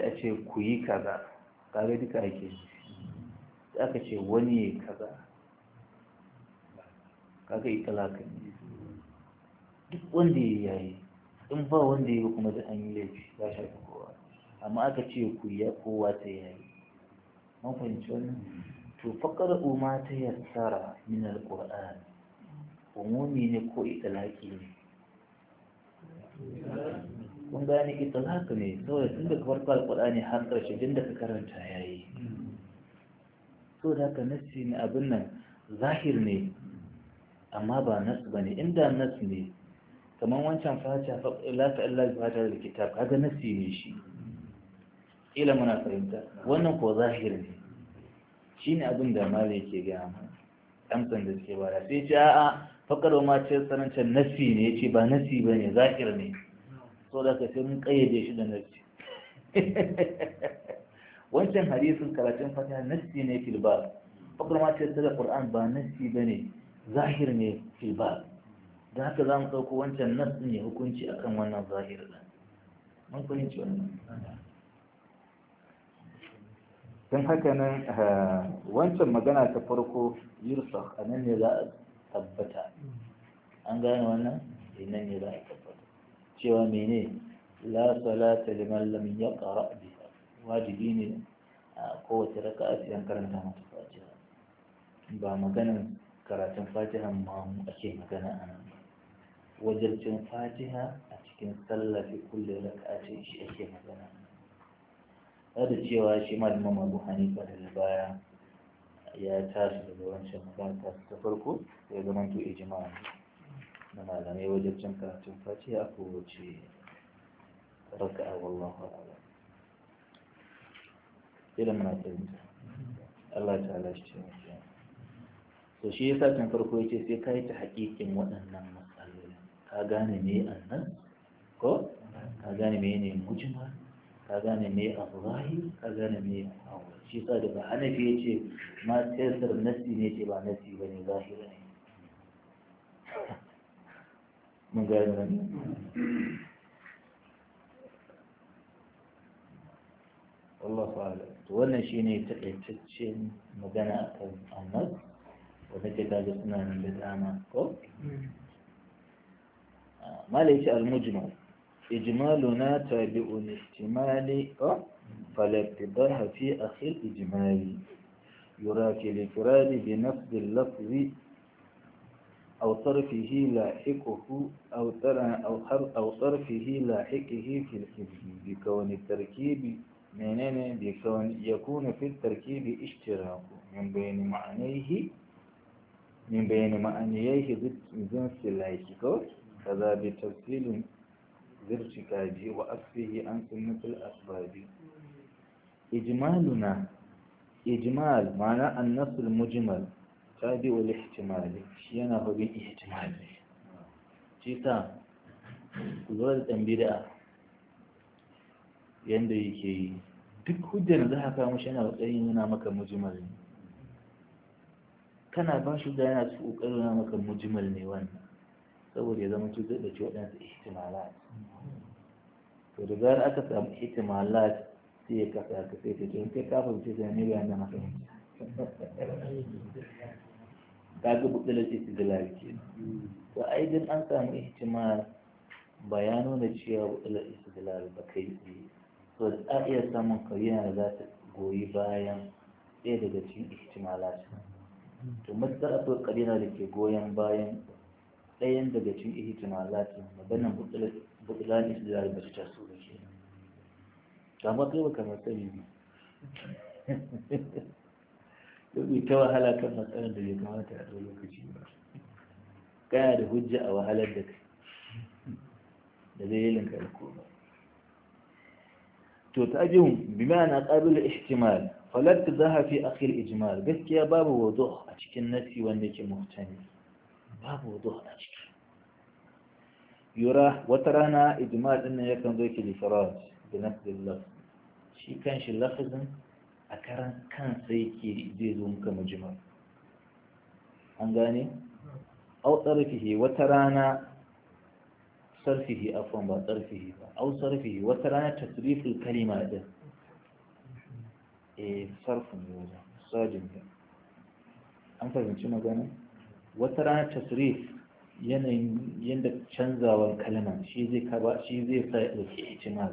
sai a ce ku yi kaza kaga duka ake sai aka ce wani ya kaza kaga italaka ne duk wanda ya yayi in ba wanda ya yi kuma da an yi laifi shi shafi kowa amma aka ce ku yi kowa ta yayi mun fahimci wannan to fakar umar ta yassara min alquran umumi ne ko italaki ne kun gane ita za ka ne saboda tun daga farko ne har ƙarshe din da ka karanta ya yi so da ka nasi ne abin nan zahir ne amma ba nas ba ne inda nas ne kamar wancan fata la ta illa fata da kitab kaga nasi ne shi ila muna fahimta wannan ko zahir ne Shi ne abin da mali yake gaya mana amsan da suke bara sai ce a'a fakar ma ce sanancan nasi ne ce ba nasi ba ne zahir ne so da sai mun kayyade shi da nassi wancan hadisin karatun fatiha nassi ne filbar fakar ma ce ta da qur'an ba nassi bane zahir ne filbar da haka za mu ɗauko wancan nas ɗin ya hukunci akan wannan zahir ɗin mun fahimci wannan don haka nan eh, wancan magana ta farko yursa a nan ne za a tabbata an gane wannan eh, nan ne za a tabbata cewa mene la salata liman lam yaqra biha wajibi ne a kowace raka'a sai an karanta mata fatiha ba maganan karatun fatiha ma mu ake magana a nan wajarcin fatiha a cikin sallafi kulle raka'a ce shi ake magana da cewa shi malamin abu hanifa da baya ya tashi daga wancan magana ta farko ya zama to ijma'a na malamai wajen cin karatun fatiha ko raka a wallahu a'lam irin na fahimta Allah ta'ala shi ce mafi to shi yasa tun farko ya ce sai ka yi ta haƙiƙin waɗannan matsalolin ka gane me annan ko ka gane me ne mujima ka gane me a zahi ka gane me a shi yasa daga hanafi ya ce ma tesar nasi ne ce ba nasi ba ne zahiri ne مجاهدين والله فعلا تقولنا شيء نيتشين مدنا أمد ونجد أجسنا من بدعنا كوك ما المجمل إجمالنا تابع الاحتمال فالابتداء في أخي الإجمال يراك الإفراد بنفس اللفظ أو طرفه لاحقه أو أو أو طرفه لاحقه في الحفظ بكون التركيب منين بكون يكون في التركيب اشتراك من بين معانيه من بين معانيه ضد جنس لاحقه كذا بتفصيل ذرتكاجه وأصله عن سنة الأسباب إجمالنا إجمال معنى النص المجمل tabi wal ihtimali shi yana babin ihtimali shi ta ku zo da dan bid'a yanda yake yi duk hujjar da haka mushi yana kokarin yana maka mujmal ne kana ba shi da yana su kokarin yana maka mujmal ne wannan saboda ya zama cutar da ciwo ɗansa ihtimalat to da zarar aka samu ihtimalat sai ya kasa ka sai ta ce in kai kafin sai ta ne bayan da na fahimta kaga buɗe istidlal kenan to ai din an samu ihtimal bayano da cewa buɗe lafiya ba kai tsaye to a iya samun kariya da za ta goyi bayan ɗaya daga cikin ihtimalat to matukar akwai kariya da ke goyon bayan ɗayan daga cikin ihtimalat maganar buɗe da ba ta taso ba kenan kamar kai ba kamar sani ne sai ta wahala kan matsalar da bai kamata a ɗau lokaci ba kana da hujja a wahalar da kai da dalilin ka ko ba to ta ajihun bi ma'ana qabil ihtimal falat zaha fi akhi al-ijmal gaskiya babu wuduh a cikin nasi wanda yake muhtami babu wuduh a ciki yura wata rana ijmal din yakan zo yake da faraj da nafsi lafz shi kan shi lafzin a karan kansa yake zai zo muka mujimar an gane au tsarfihi wata rana sarfihi afwan ba tsarfihi ba au sarfihi wata rana tasriful kalima din eh sarfin wajen sajin din an fahimci magana wata rana tasrif yanayin yadda canzawar kalma shi zai kaba shi zai sa ya ɗauki ihtimal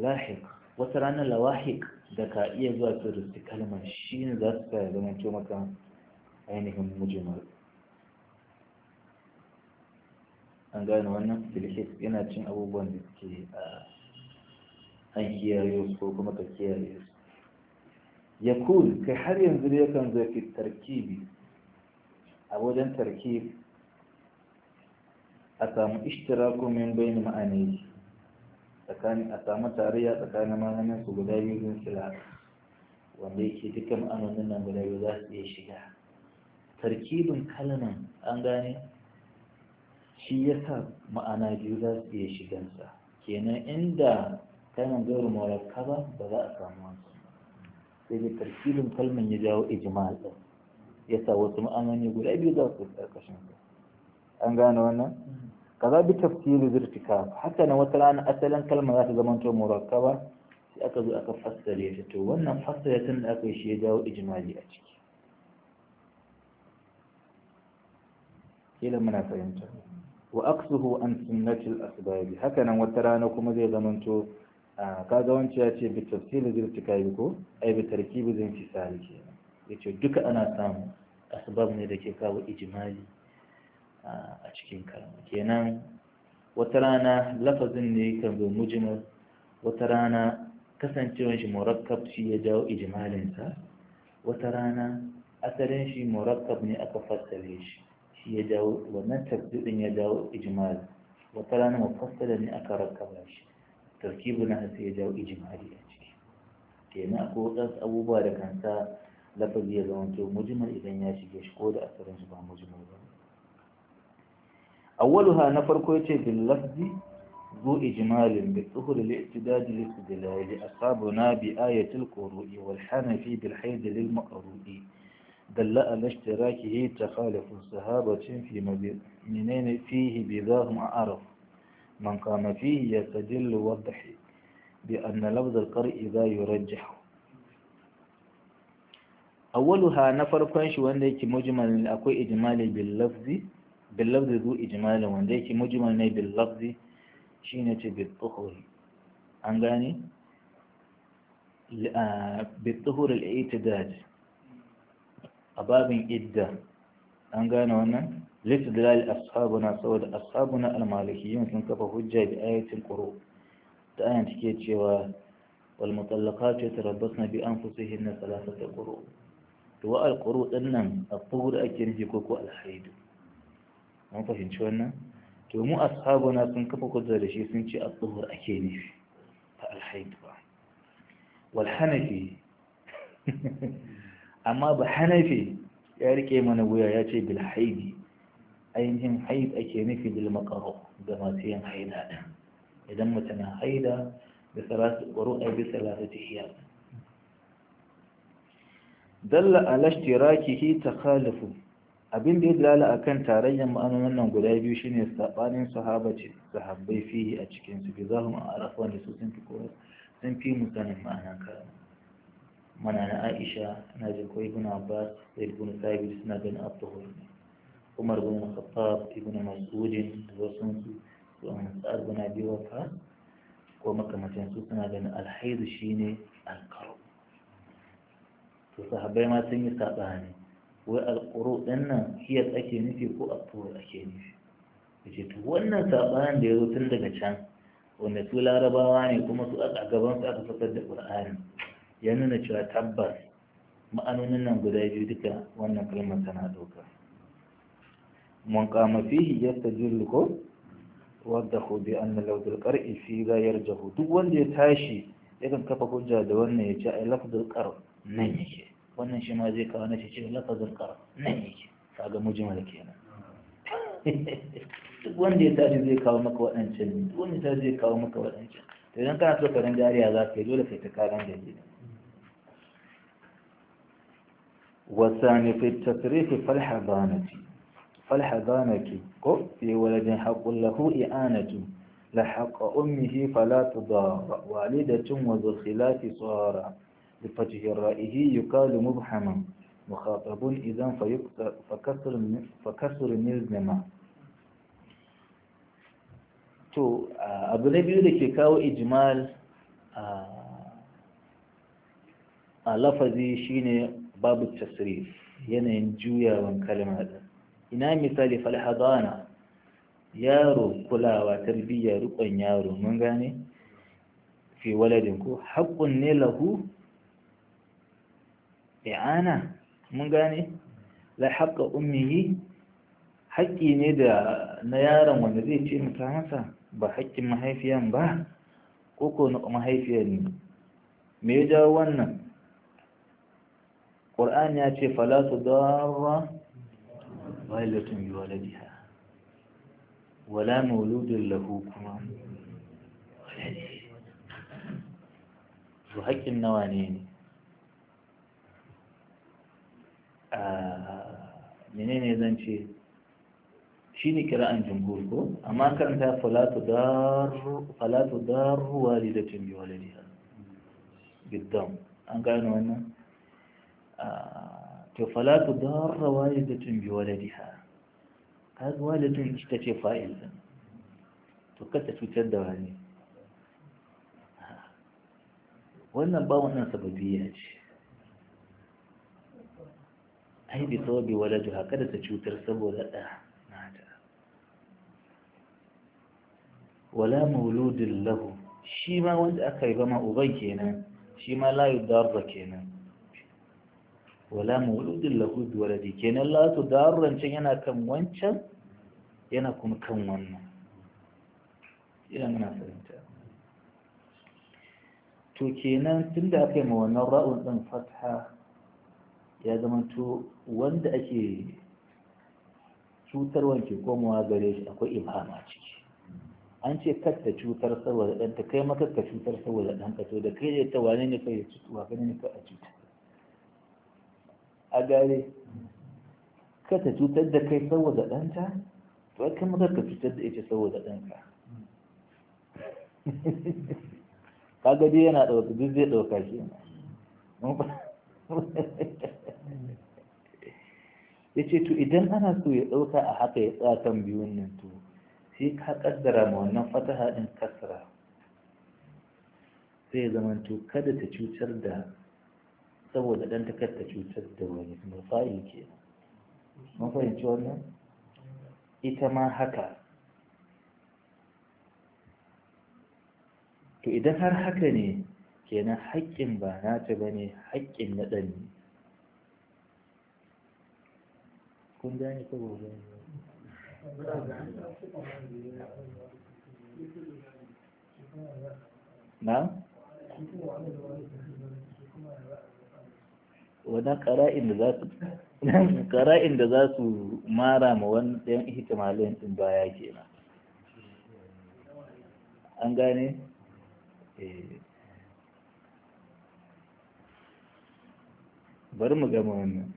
lahiq wata ranar lawahik da ka iya zuwa su rusti kalmar shi ne za su kaya zama to maka ainihin mujimar an gane wannan filhis yana cin abubuwan da suke a an kiyaye su ko kuma ka kiyaye su ya kun kai har yanzu da yakan zo fi tarkibi a wajen tarkib a samu ishtirakun min bayan ma'anai tsakanin a samu tarayya tsakanin ma'anin su guda biyu din sila wanda yake dukkan ma'anonin nan guda biyu za su iya shiga tarkibin kalman an gane shi ya sa ma'ana biyu za su iya shigansa kenan inda kalman gairu kaba ba za a samu wasu sai dai tarkibin kalman ya jawo ijmal din ya sa wasu ma'anoni guda biyu za su karkashin an gane wannan mm. kaza bi tafsiru zirtika haka na wata rana asalin kalma za ta zama to murakkaba sai aka zo aka fassare ta to wannan fassare tun da aka yi shi ya jawo ijmali a ciki kila muna fahimta wa aksuhu an al asbab haka nan wata rana kuma zai zama to kaga wancan ya ce bi tafsiru zirtika yi ko ai bi tarkibi zan ci sali yace duka ana samu asbab ne da ke kawo ijmali a cikin kalma kenan wata rana lafazin ne kan zo mujimar wata rana kasancewar shi murakkab shi ya jawo ijimalinsa wata rana asalin shi murakkab ne aka fassare shi shi ya jawo wannan tafsirin ya jawo ijimali wata rana mufassala ne aka rakkaba shi tarkibu na hasi ya jawo ijimali a ciki kenan akwai wadansu abubuwa da kansa lafazi ya zama to mujimar idan ya shige shi ko da asalin shi ba mujimar ba أولها نفر كويتي باللفظ ذو إجمال بالظهر الاعتداد الاستدلال أصابنا بآية القروء والحنفي بالحيد للمقروء دل على اشتراكه تخالف الصحابة في منين فيه ما أعرف من قام فيه يستدل وضح بأن لفظ القرء إذا يرجح أولها نفر كويتي وأنك مجمل أكو إجمال باللفظ باللفظ ذو إجمالا وانديك مجمل ني باللفظ شينة بالطهور عنداني بالطهور الاعتداد أباب إدة عندنا وانا لاستدلال أصحابنا سود أصحابنا المالكيون كن كفى حجة بآية القروء تآية تكيت شوى والمطلقات يتربصن بأنفسهن ثلاثة قروء وقال القروء إنن الطهور أجنجي كوكو الحيد an fahimci wannan to mu ashabuna sun kafa kuzza da shi sun ce at-tuhur ake ne fa al-hayd ba wal hanafi amma ba hanafi ya rike mana wuya ya ce bil haid ainihin haid ake nufi bil makaro da masu yin haida idan mutum na haida da salatu a bi salatu hiyar dalla ala shirakihi takhalifu abin da ya dalala kan tarayyar ma'anonin nan guda biyu shine sabanin sahabaci sahabbai fihi a cikin su bi zahum arafa ne su sun fi kowa sun fi mu sanin ma'anar karama mana na Aisha na jin ko Ibn Abbas da Ibn Sabit suna ganin Abdul Umar bin Khattab Ibn Mas'ud da wasu su su an tsar bin Abi Waqqas ko makamacin su suna ganin alhaidu shine alqarb to sahabbai ma sun yi saɓani. wai alƙuru ɗin nan hiyar ake nufi ko a ake nufi yace to wannan saɓanin da ya zo tun daga can wanda su larabawa ne kuma su a gaban su aka fitar da ƙur'ani ya nuna cewa tabbas ma'anonin nan guda biyu duka wannan kalmar tana ɗauka mun kama fihi ya jirgin ko wadda hudu an lalautar ƙar'i fi gayar jahu duk wanda ya tashi yakan kafa hujja da wannan ya ce ai lafdul ƙar nan yake wannan shi ma zai kawo nashi shi ce lafazin karam nan yake kaga mujmal kenan duk wanda ya tashi zai kawo maka waɗancan duk wanda ya zai kawo maka waɗancan to idan kana so karen jariya za ka yi dole kai ta karan jarida wasani fi tasrifi falhabanati falhabanati ko fi waladin haqqun lahu i'anatu la haqqa ummihi fala tudar walidatun wa dhul khilafi sara بفتح الرائه يقال مبحما مخاطب إذا فكسر فكسر ملزما to abu na biyu da ke kawo ijmal a lafazi shine babu tasrif yanayin juyawan kalma da ina misali falhadana yaro kulawa tarbiyya rukon yaro mun gane fi waladin ko haƙƙun ne lahu i'ana mun gane la haƙa ummihi haƙƙi ne da na yaron wanda zai ce mutu masa ba haƙƙin mahaifiyan ba ko ko na mahaifiyar ne me ya jawo wannan ƙur'an ya ce falatu dawarwa wailatun yi ladiha wala mauludin lahu kuma ne. su haƙƙin nawa ne ne menene zan ce shi ne kira'an jumhur ko amma karanta falatu daru walidatin bi waladiha biddam an gano wannan to falatu daru walidatin bi waladiha kaga walidatin ita ce fa'il din to kata cutar da wani wannan ba wannan sababiyya ce ai bi so bi wala juha kada ta cutar saboda ɗa nata wala mauludin lahu shi ma wanda aka yi ma uban kenan shi ma la yudarra kenan wala mauludin lahu bi waladi kenan la tudarran can yana kan wancan yana kuma kan wannan ina muna fahimta to kenan tunda aka yi ma wannan ra'un din fatha ya zama to wanda ake cutar ke komawa gare shi akwai ibhama ciki an ce kar ta cutar saboda ɗan ta kai maka ka cutar saboda ɗan ka to da kai da ta wane ne kai ya cutuwa kai ne ka a cuta a gare katta ta cutar da kai saboda ta to kai maka ka cutar da ita saboda Ka kaga dai yana ɗauka duk zai ɗauka shi mun ya ce to idan ana so ya ɗauka a haka ya tsaya kan biyun nan to sai ka ƙaddara ma wannan fataha ɗin kasra sai ya to kada ta cutar da saboda ɗan ta ta cutar da wani mafa'i ke mun fahimci wannan ita ma haka to idan har haka ne kenan haƙƙin ba nata ba ne haƙƙin na ɗan ne kun gane ko gobe na? wadda ƙara'in da za su mara ma wani ɗan hikimalin ɗin baya kenan an gane? eh bari mu gama wannan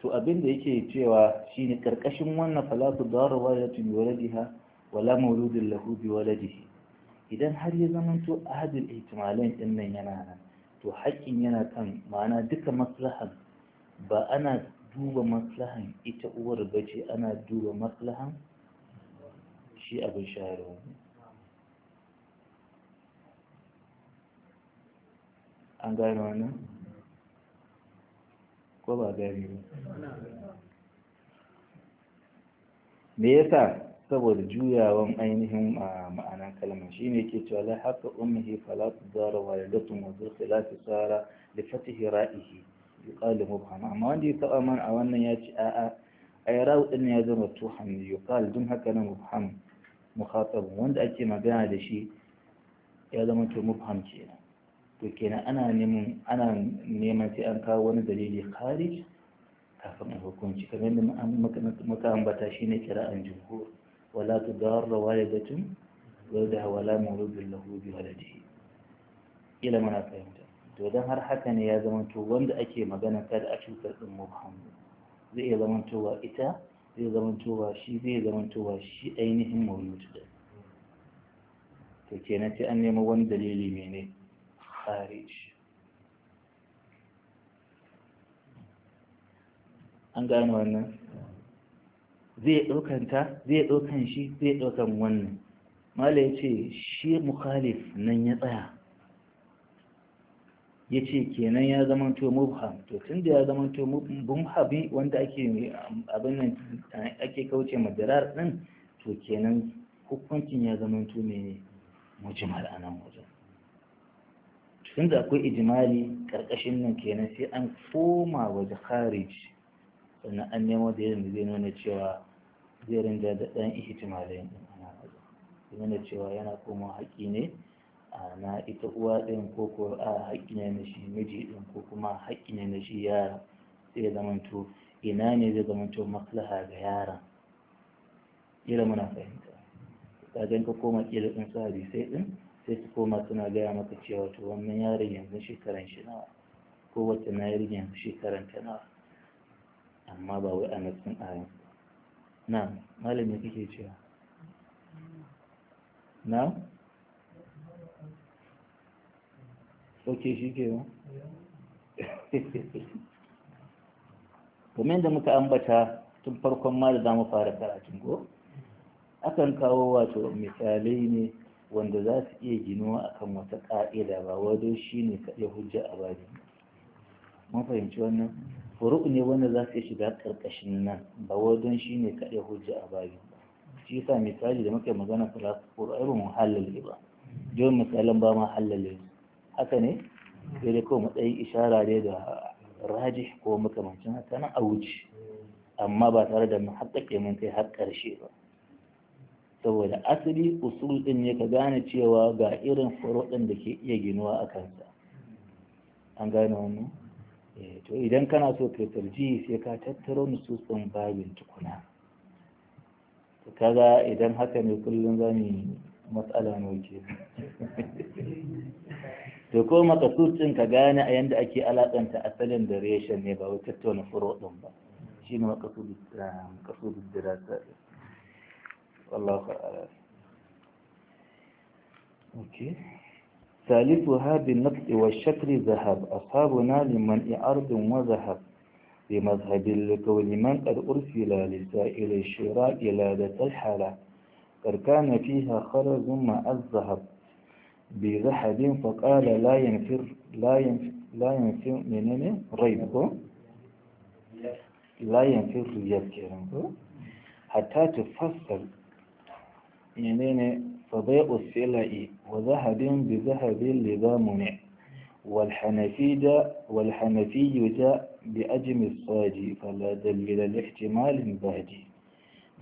to abin da yake cewa shine karkashin wannan falatu daru waladatun waladiha wala mauludin lahu bi waladihi idan har ya zamanto ahadul ihtimalin din nan yana nan to haƙƙin yana kan ma'ana duka maslahan ba ana duba maslahan ita uwar bace ana duba maslahan shi abin shayarwa an gane wannan ko ba ba me yasa saboda juyawan ainihin ah, ma'anan kalmar shi ne ke cewa la haka ummihi fala tudara walidatun wa zulkhila tisara li fatihi ra'ihi yuqalu mubham amma wanda ya saba mana a wannan ya ce a'a ai ra'u din ya zama tuhan yuqal dun haka nan mubham mukhatab wanda ake magana da shi ya zama to mubham kenan to kenan ana neman ana neman sai an kawo wani dalili kharij kafin a hukunci kamar yadda muka ambata shine kira'an jumhur wala tudarra walidatun wala wala mawludun lahu bi waladihi ila mana fahimta to dan har haka ne ya zama to wanda ake magana kada a cutar din mubham zai iya zama towa ita zai zama towa shi zai zama towa shi ainihin mawlud din to kenan sai an nemo wani dalili menene an gane wannan zai ɗaukanta, zai ɗaukan shi zai ɗaukan wannan malai ya ce shi mukhalif nan ya tsaya ya ce kenan ya zama to mubham to tun da ya zama to wanda ake abin nan ake kauce madarar din to kenan hukuncin ya zama to ne mujmal a nan wajen tun da akwai ijimali karkashin nan kenan sai an koma waje kharij sannan an nemo da yadda zai nuna cewa zai rinja da ɗan ihtimalin din ana zai nuna cewa yana koma haƙƙi ne na ita uwa ɗin ko ko a haƙƙi ne na shi miji ɗin ko kuma haƙƙi ne na shi yara sai ya zamanto ina ne zai zamanto maslaha ga yaran kila muna fahimta kagan ka koma kila ɗin su hadisai ɗin sai su koma suna gaya maka cewa to wannan yaron yanzu shekaran shi nawa ko wata na yarin yanzu shekaran ta nawa amma ba wai a nassin ayan na malami kike cewa na ok shi ke kamar da muka ambata tun farkon ma da za mu fara karatun go akan kawo wato misalai ne wanda za su iya ginuwa akan wata ƙa'ida ba wado shi ne kaɗe hujja a bari mun fahimci wannan furu ne wanda za su shiga karkashin nan ba wajen shi ne kaɗai hujja a babi shi sa misali da muke magana furu ai ba mu halale ba don misalan ba ma haka ne sai dai kawai matsayin ishara ne da rajih ko makamancin haka nan a wuce amma ba tare da mun haƙaƙe mun kai har ƙarshe ba saboda asali usul ɗin ne ka gane cewa ga irin furu da ke iya ginuwa a kansa an gane wannan Eh, to idan kana so ka sarji sai ka tattaro nususin babin tukuna kaga idan haka ne kullum zani matsala ne ke to ko makasucin ka gane a yanda ake alakanta asalin da reshen ne ba wai tattauna furo din ba shine eh, makasudin dirasa wallahu ta'ala ثالثها بالنطق والشكر ذهب أصحابنا لمنع أرض وذهب بمذهب لكون من قد أرسل لسائل الشراء ذات الحالة قد كان فيها خرز مع الذهب بذهب فقال لا ينفر لا ينفر لا ينفر منين ريبه لا ينفر ريب حتى تفصل يعني فضاء السلع وذهب بذهب لذا منع والحنفي والحنفي بأجم الصاج فلا دليل لاحتمال بهدي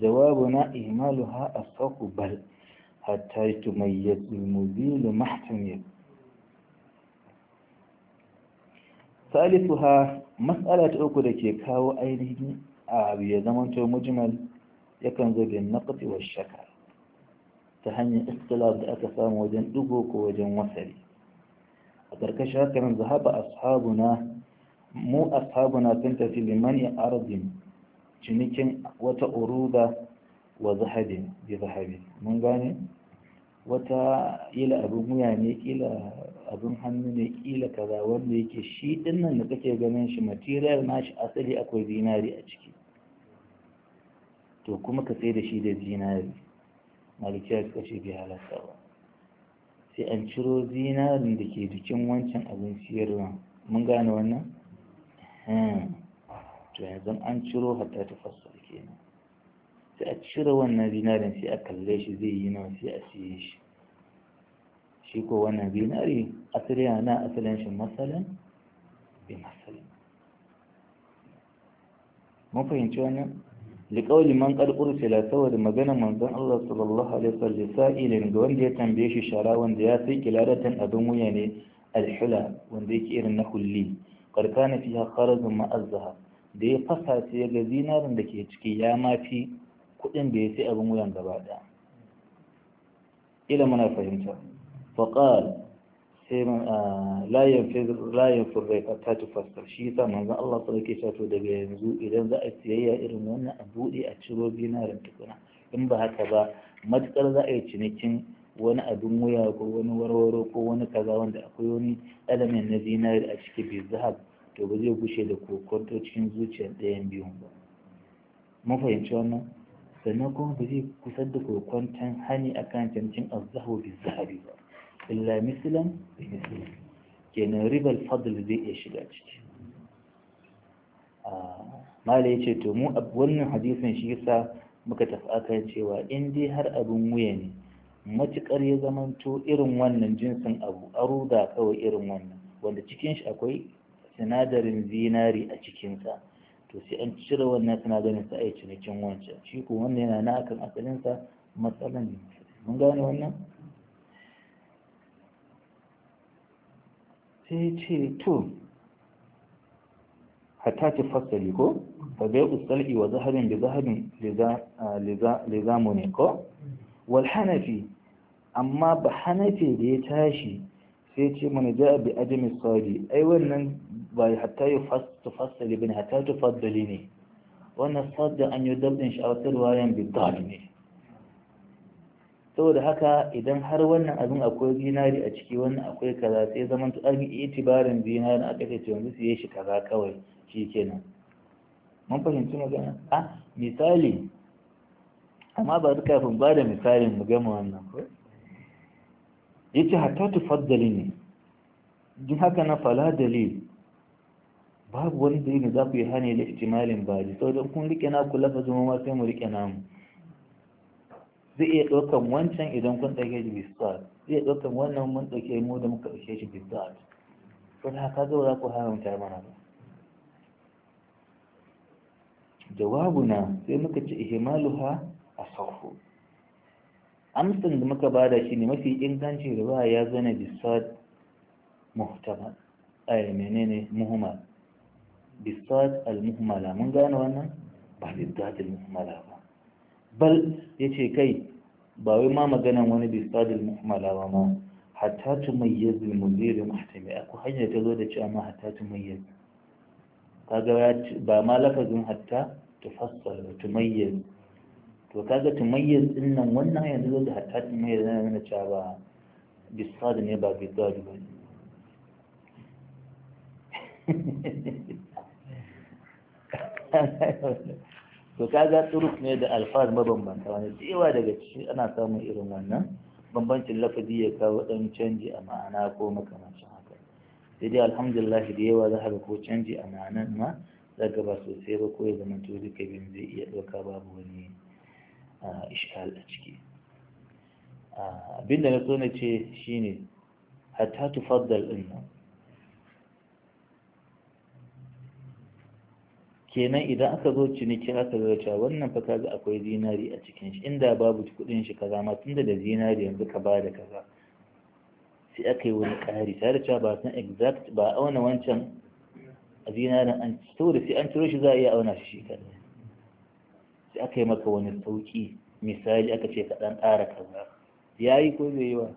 جوابنا إهمالها الصق بل حتى تميز المزيل محتمل ثالثها مسألة أكو دكي كاو أينه زمن مجمل يكن زبي النقد والشكل ta hanyar ikhtilaf da aka samu wajen dugo ko wajen wasari a karkashin haka nan zahaba ashabuna mu ashabuna sun tafi ya ardin cinikin wata uruda wa zahabin bi zahabin mun gane wata ila abin wuya ne ila abin hannu ne ila kaza wanda yake shi dinnan da kake ganin shi material nashi asali akwai zinari a ciki to kuma ka sai da shi da zinari malikiyar suka shi bai halatta ba sai an ciro zinarin da ke jikin wancan abin siyarwa mun gane wannan hmm. to yanzu an ciro hatta ta fassar kenan sai a cire wannan zinarin sai a kalle shi zai yi nawa sai a siye shi shi ko wannan zinari asali na asalin shi masalan bi masalan mun fahimci wannan liƙauli man ƙarƙur fila saboda maganar manzon Allah sallallahu alaihi wasallam sa'ilin ga wanda ya tambaye shi shara wanda ya sai kilaratan abin wuya ne alhula wanda yake irin na hulli karkana fi ha kharazun ma'azzaha da ya fasa sai yaga ga zinarin da ke ciki ya mafi kuɗin da ya sai abin wuyan gaba ɗaya ila muna fahimta faqal sai man layin furrai ta tufasta shi yasa manzon Allah su ke shato daga yanzu idan za a siyayya irin wannan a buɗe a ciro binarin tukuna in ba haka ba matukar za a yi cinikin wani abin wuya ko wani warwaro ko wani kaza wanda akwai wani alamin na zinari a ciki bi zahab to ba zai gushe da kokonto cikin zuciyar ɗayan biyun ba mun fahimci wannan sannan kuma ba zai kusa da kokonton hani akan cancin azzahu bi zahabi ba illa mislan kenan ribar fadl zai iya shiga ciki mala ya ce to mu wannan hadisin shi yasa muka tafi aka cewa in dai har abin wuya ne matukar ya zamanto irin wannan jinsin abu aruda kawai irin wannan wanda cikin shi akwai sinadarin zinari a cikinsa to sai an cire wannan sinadarin sa a yi cinikin wancan shi ko wannan yana na akan asalinsa matsalan mun gane wannan sai ce to hatta ta fasali ko fa bai usali wa zahabin bi zahabin lizamu ne ko wal hanafi amma ba hanafi da ya tashi sai ce mana ja bi ajami sadi ai wannan ba hatta ya fasali ba ne hatta ta fasali ne wannan sadda an yi dabdin shi a wata ruwayan bi ne saboda haka idan har wannan abin akwai zinari a ciki wannan akwai kaza sai zaman to an yi itibarin zinari a kace wanda su yi shi kaza kawai shikenan mun fahimci magana a misali amma ba su kafin ba da misalin mu gama wannan ko yace hatta faddali ne din haka na fala dalil babu wani dalili za ku yi hane da ihtimalin ba ji saboda kun rike na ku lafazin ma sai mu rike namu zai iya ɗaukan wancan idan kun ɗauke shi zai iya ɗaukan wannan mun ɗauke mu da muka ɗauke shi bisat don haka zo za ku haramta mana ba jawabuna sai muka ce a asahhu amsan da muka bada shi ne mafi inganci da ba ya zana bisad muhtamal ay menene muhmal bisad al muhmala mun gane wannan ba bisad al muhmala ba bal ya ce kai ba wai ma maganan wani bisadil muhammala ba ma hatta tu mayyaz bil mudiri muhtami aku hanya ta zo da cewa ma hatta tu mayyaz kaga ba ma lafazin hatta tufassal da yanzu to kaga yanzu din nan wannan yanzu zo da hatta yanzu na nuna cewa ba bisad ne ba bidad ba ne to kaga turuk ne da alfaz mabambanta wani tsewa daga ciki ana samun irin wannan bambancin lafazi ya kawo dan canji a ma'ana ko makamancin haka sai dai alhamdulillah da yawa za ka ko canji a ma'anan ma za ka ba sosai ba ko ya zama to duka bin zai iya ɗauka babu wani ishkal a ciki abinda na so na ce shine hatta tufaddal din kenan idan aka zo ciniki aka zo cewa wannan fa kaga akwai zinari a cikin shi inda babu kuɗin shi kaza ma tunda da zinari yanzu ka ba da kaza sai aka yi wani ƙari tare da cewa ba san exact ba auna wancan a zinarin an saboda sai an ciro shi za a iya auna shi shi kaɗai sai aka yi maka wani sauƙi misali aka ce ka ɗan ƙara kaza ya yi ko bai yi ba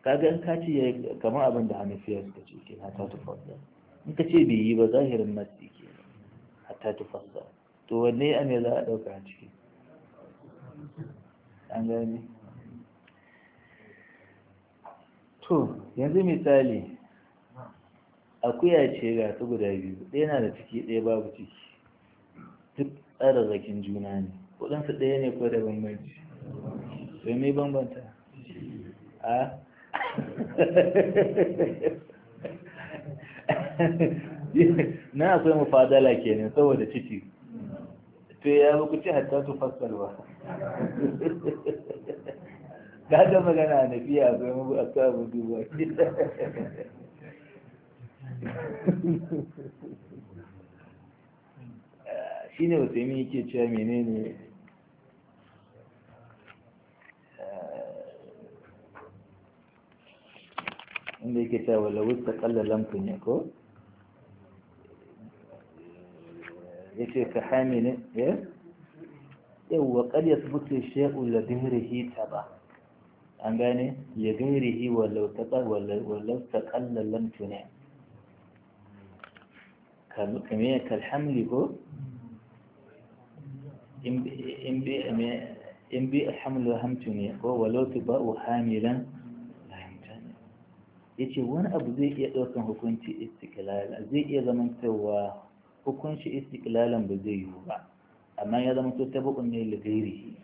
kaga in ka ce kamar abin da hannu fiye suka ce ke na ta tufa ka ce bai yi ba zahirin nasi ke hatta to wanne a me za a ɗauka a ciki an gani to yanzu misali akuya ce ga ta guda biyu ɗaya na da ciki ɗaya babu ciki duk tsararrakin juna ne kuɗinsu ɗaya ne ko da bambanci sai mai bambanta a na akwai mufadala kenan saboda ciki to ya muku ci hatta su fassal ba da magana na fiye akwai muku a kawo duba shi ne wata yi ke cewa menene inda yake cewa walawar ta kalla lamfin ya ko ya ce ka hami ne eh yawwa su ya tabbata da la dihrihi taba an gane ya gairihi walau taqal walau taqalla lam tuna kamar kalhamli ko in bi a bi alhamdu hamtu ne ko hamilan ya ce wani abu zai iya ɗaukan hukunci istiklal zai iya zamantawa hukunci istiklalan ba zai yiwu ba amma ya zama to tabu'un ne gairi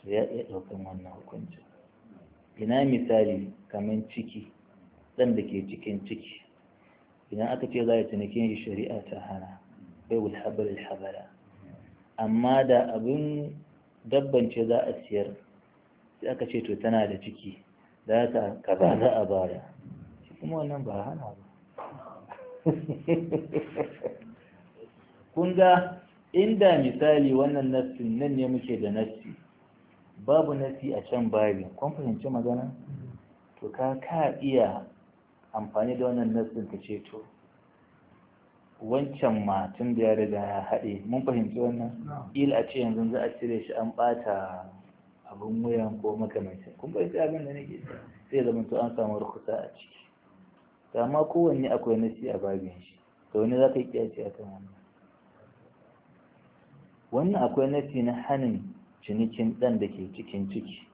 to ya iya ɗaukan wannan hukunci ina misali kamar ciki ɗan da ke cikin ciki idan aka ce za a cinikin shi shari'a ta hana bai wulhabar habara amma da abin dabban ce za a siyar sai aka ce to tana da ciki za ta kaza za a bara shi kuma wannan ba hana ba kun ga inda misali wannan nassin nan ne muke da nassi babu nassi a can babi kun fahimci magana to ka ka iya amfani da wannan nassin ka ce to wancan ma tun da ya riga ya haɗe mun fahimci wannan il a ce yanzu za a cire shi an ɓata abin wuyan ko makamancin kun fahimci abin da nake sai zama to an samu rukusa a ciki amma kowanne akwai nasi a babin shi da wani za ka yi kiyaci a kan wannan wannan akwai nasi na hannun cinikin ɗan da ke cikin ciki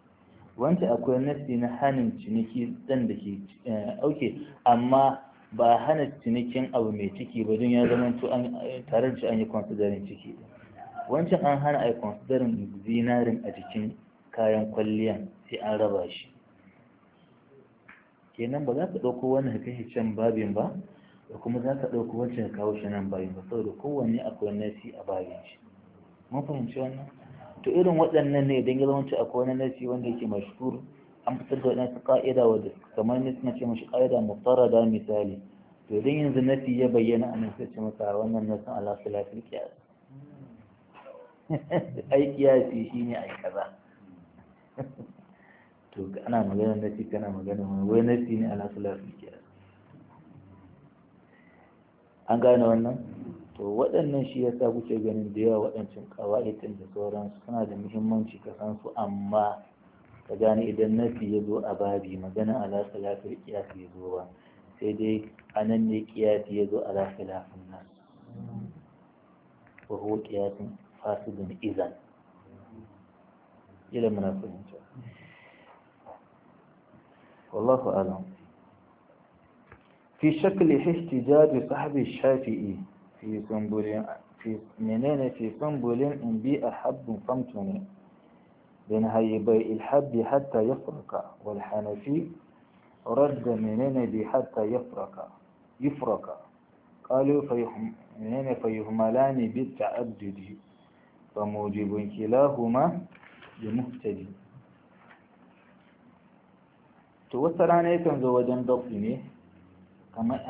wanda akwai nasi na hannun ciniki ɗan da ke eh, auke amma ba hana cinikin abu mai ciki ba don ya zama tare da shi an yi considering ciki wancan an hana a yi considering zinarin a cikin kayan kwalliyan sai an raba shi kenan ba za ka ɗauko wannan ka kashe can babin ba da kuma za ka ɗauko wancan kawo shi nan babin ba saboda kowanne akwai nasi a babin shi mun fahimci wannan to irin waɗannan ne idan ya zama ce akwai wani nasi wanda yake mashhur an fitar da waɗansu ƙa'ida wadda kamar ne suna ce mashi ƙa'ida mutarada misali to idan yanzu nasi ya bayyana a nan sai ce masa wannan nasin ala filafil kiyas ai kiyasi shine ai kaza to ana magana na nafi kana magana wani wai na nafi ne ala sulafin kiyas an gane wannan to waɗannan shi ya sa kuke ganin da yawa waɗancan ƙawa'itin da sauransu suna da muhimmanci ka san su amma ka gane idan nafi ya zo a babi magana ala sulafi kiyas ya zo ba sai dai anan ne kiyasi ya zo ala sulafi nas wa huwa kiyasin fasidin izan ila muna fahimta والله أعلم في شكل احتجاج صاحب الشافعي في سنبل في منين في سنبل إن بي أحب صمتني بين هيبي الحب حتى يفرق والحنفي رد منين بي حتى يفرق يفرق قالوا فيهم منين فيهملان بالتعدد فموجب كلاهما بمهتدي to wata rana yakan zo wajen dokta ne kamar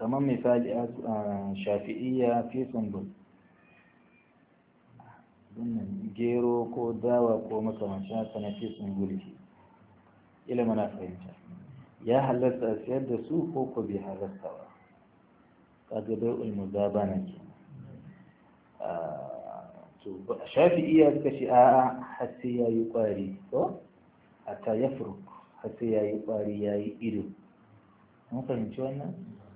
ah, misali a ah, ah, shafi'iyya fi sunbul gero ko dawa ko makamancin haka na fi sunbul ila mana fahimta ya halatta a siyar da su ko ko bi halatta ba kaga bai na ke shafi iya suka ce a'a har sai ya yi ƙwari ko ta ya har ya yi ƙwari ya yi ido An fahimci wannan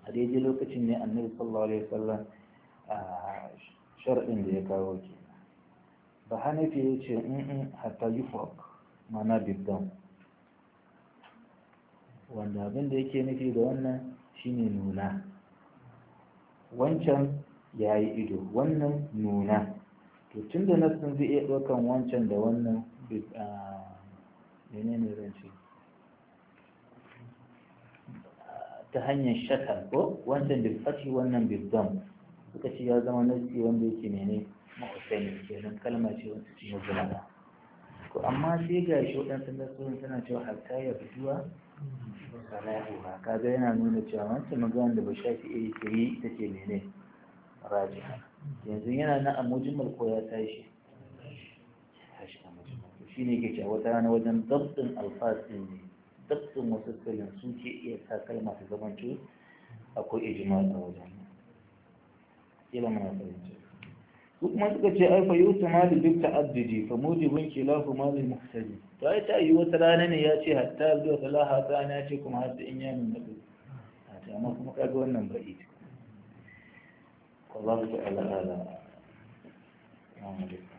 a daidai lokacin ne annabi sallallahu alaihi wasallam a da ya kawo ke ba hanafi ya ce in ta yi mana bibdan wanda abin da yake nufi da wannan shine nuna wancan ya yi ido wannan nuna to tun da sun zai iya ɗaukan wancan da wannan mene ne zan ta hanyar shakar ko wancan fashi wannan bilzam suka ce ya zama nassi wanda yake ne ma'usani kenan kalma ce wanda ce mazulala ko amma sai ga shi waɗansu nasorin tana cewa hatta ya fituwa salahuwa kaga yana nuna cewa wancan magana da ba shafi iri ta yi ita ce raji haka. yanzu yana nan a mujimmal ko ya tashi shi ne ke cewa wata rana wajen dabtin alfasin ne dabtin wasu kalin su ke iya sa masu su zamanci akwai ijima a wajen ila mana fahimci su kuma suka ce ai yi wuta ma da duk ta'addidi fa mujibun khilafu ma da muhtaji to yi ta yi wata rana ne ya ce hatta zuwa salaha ta ya ce kuma hatta in ya min da amma kuma kaga wannan ba'id الله على هذا السلام عليكم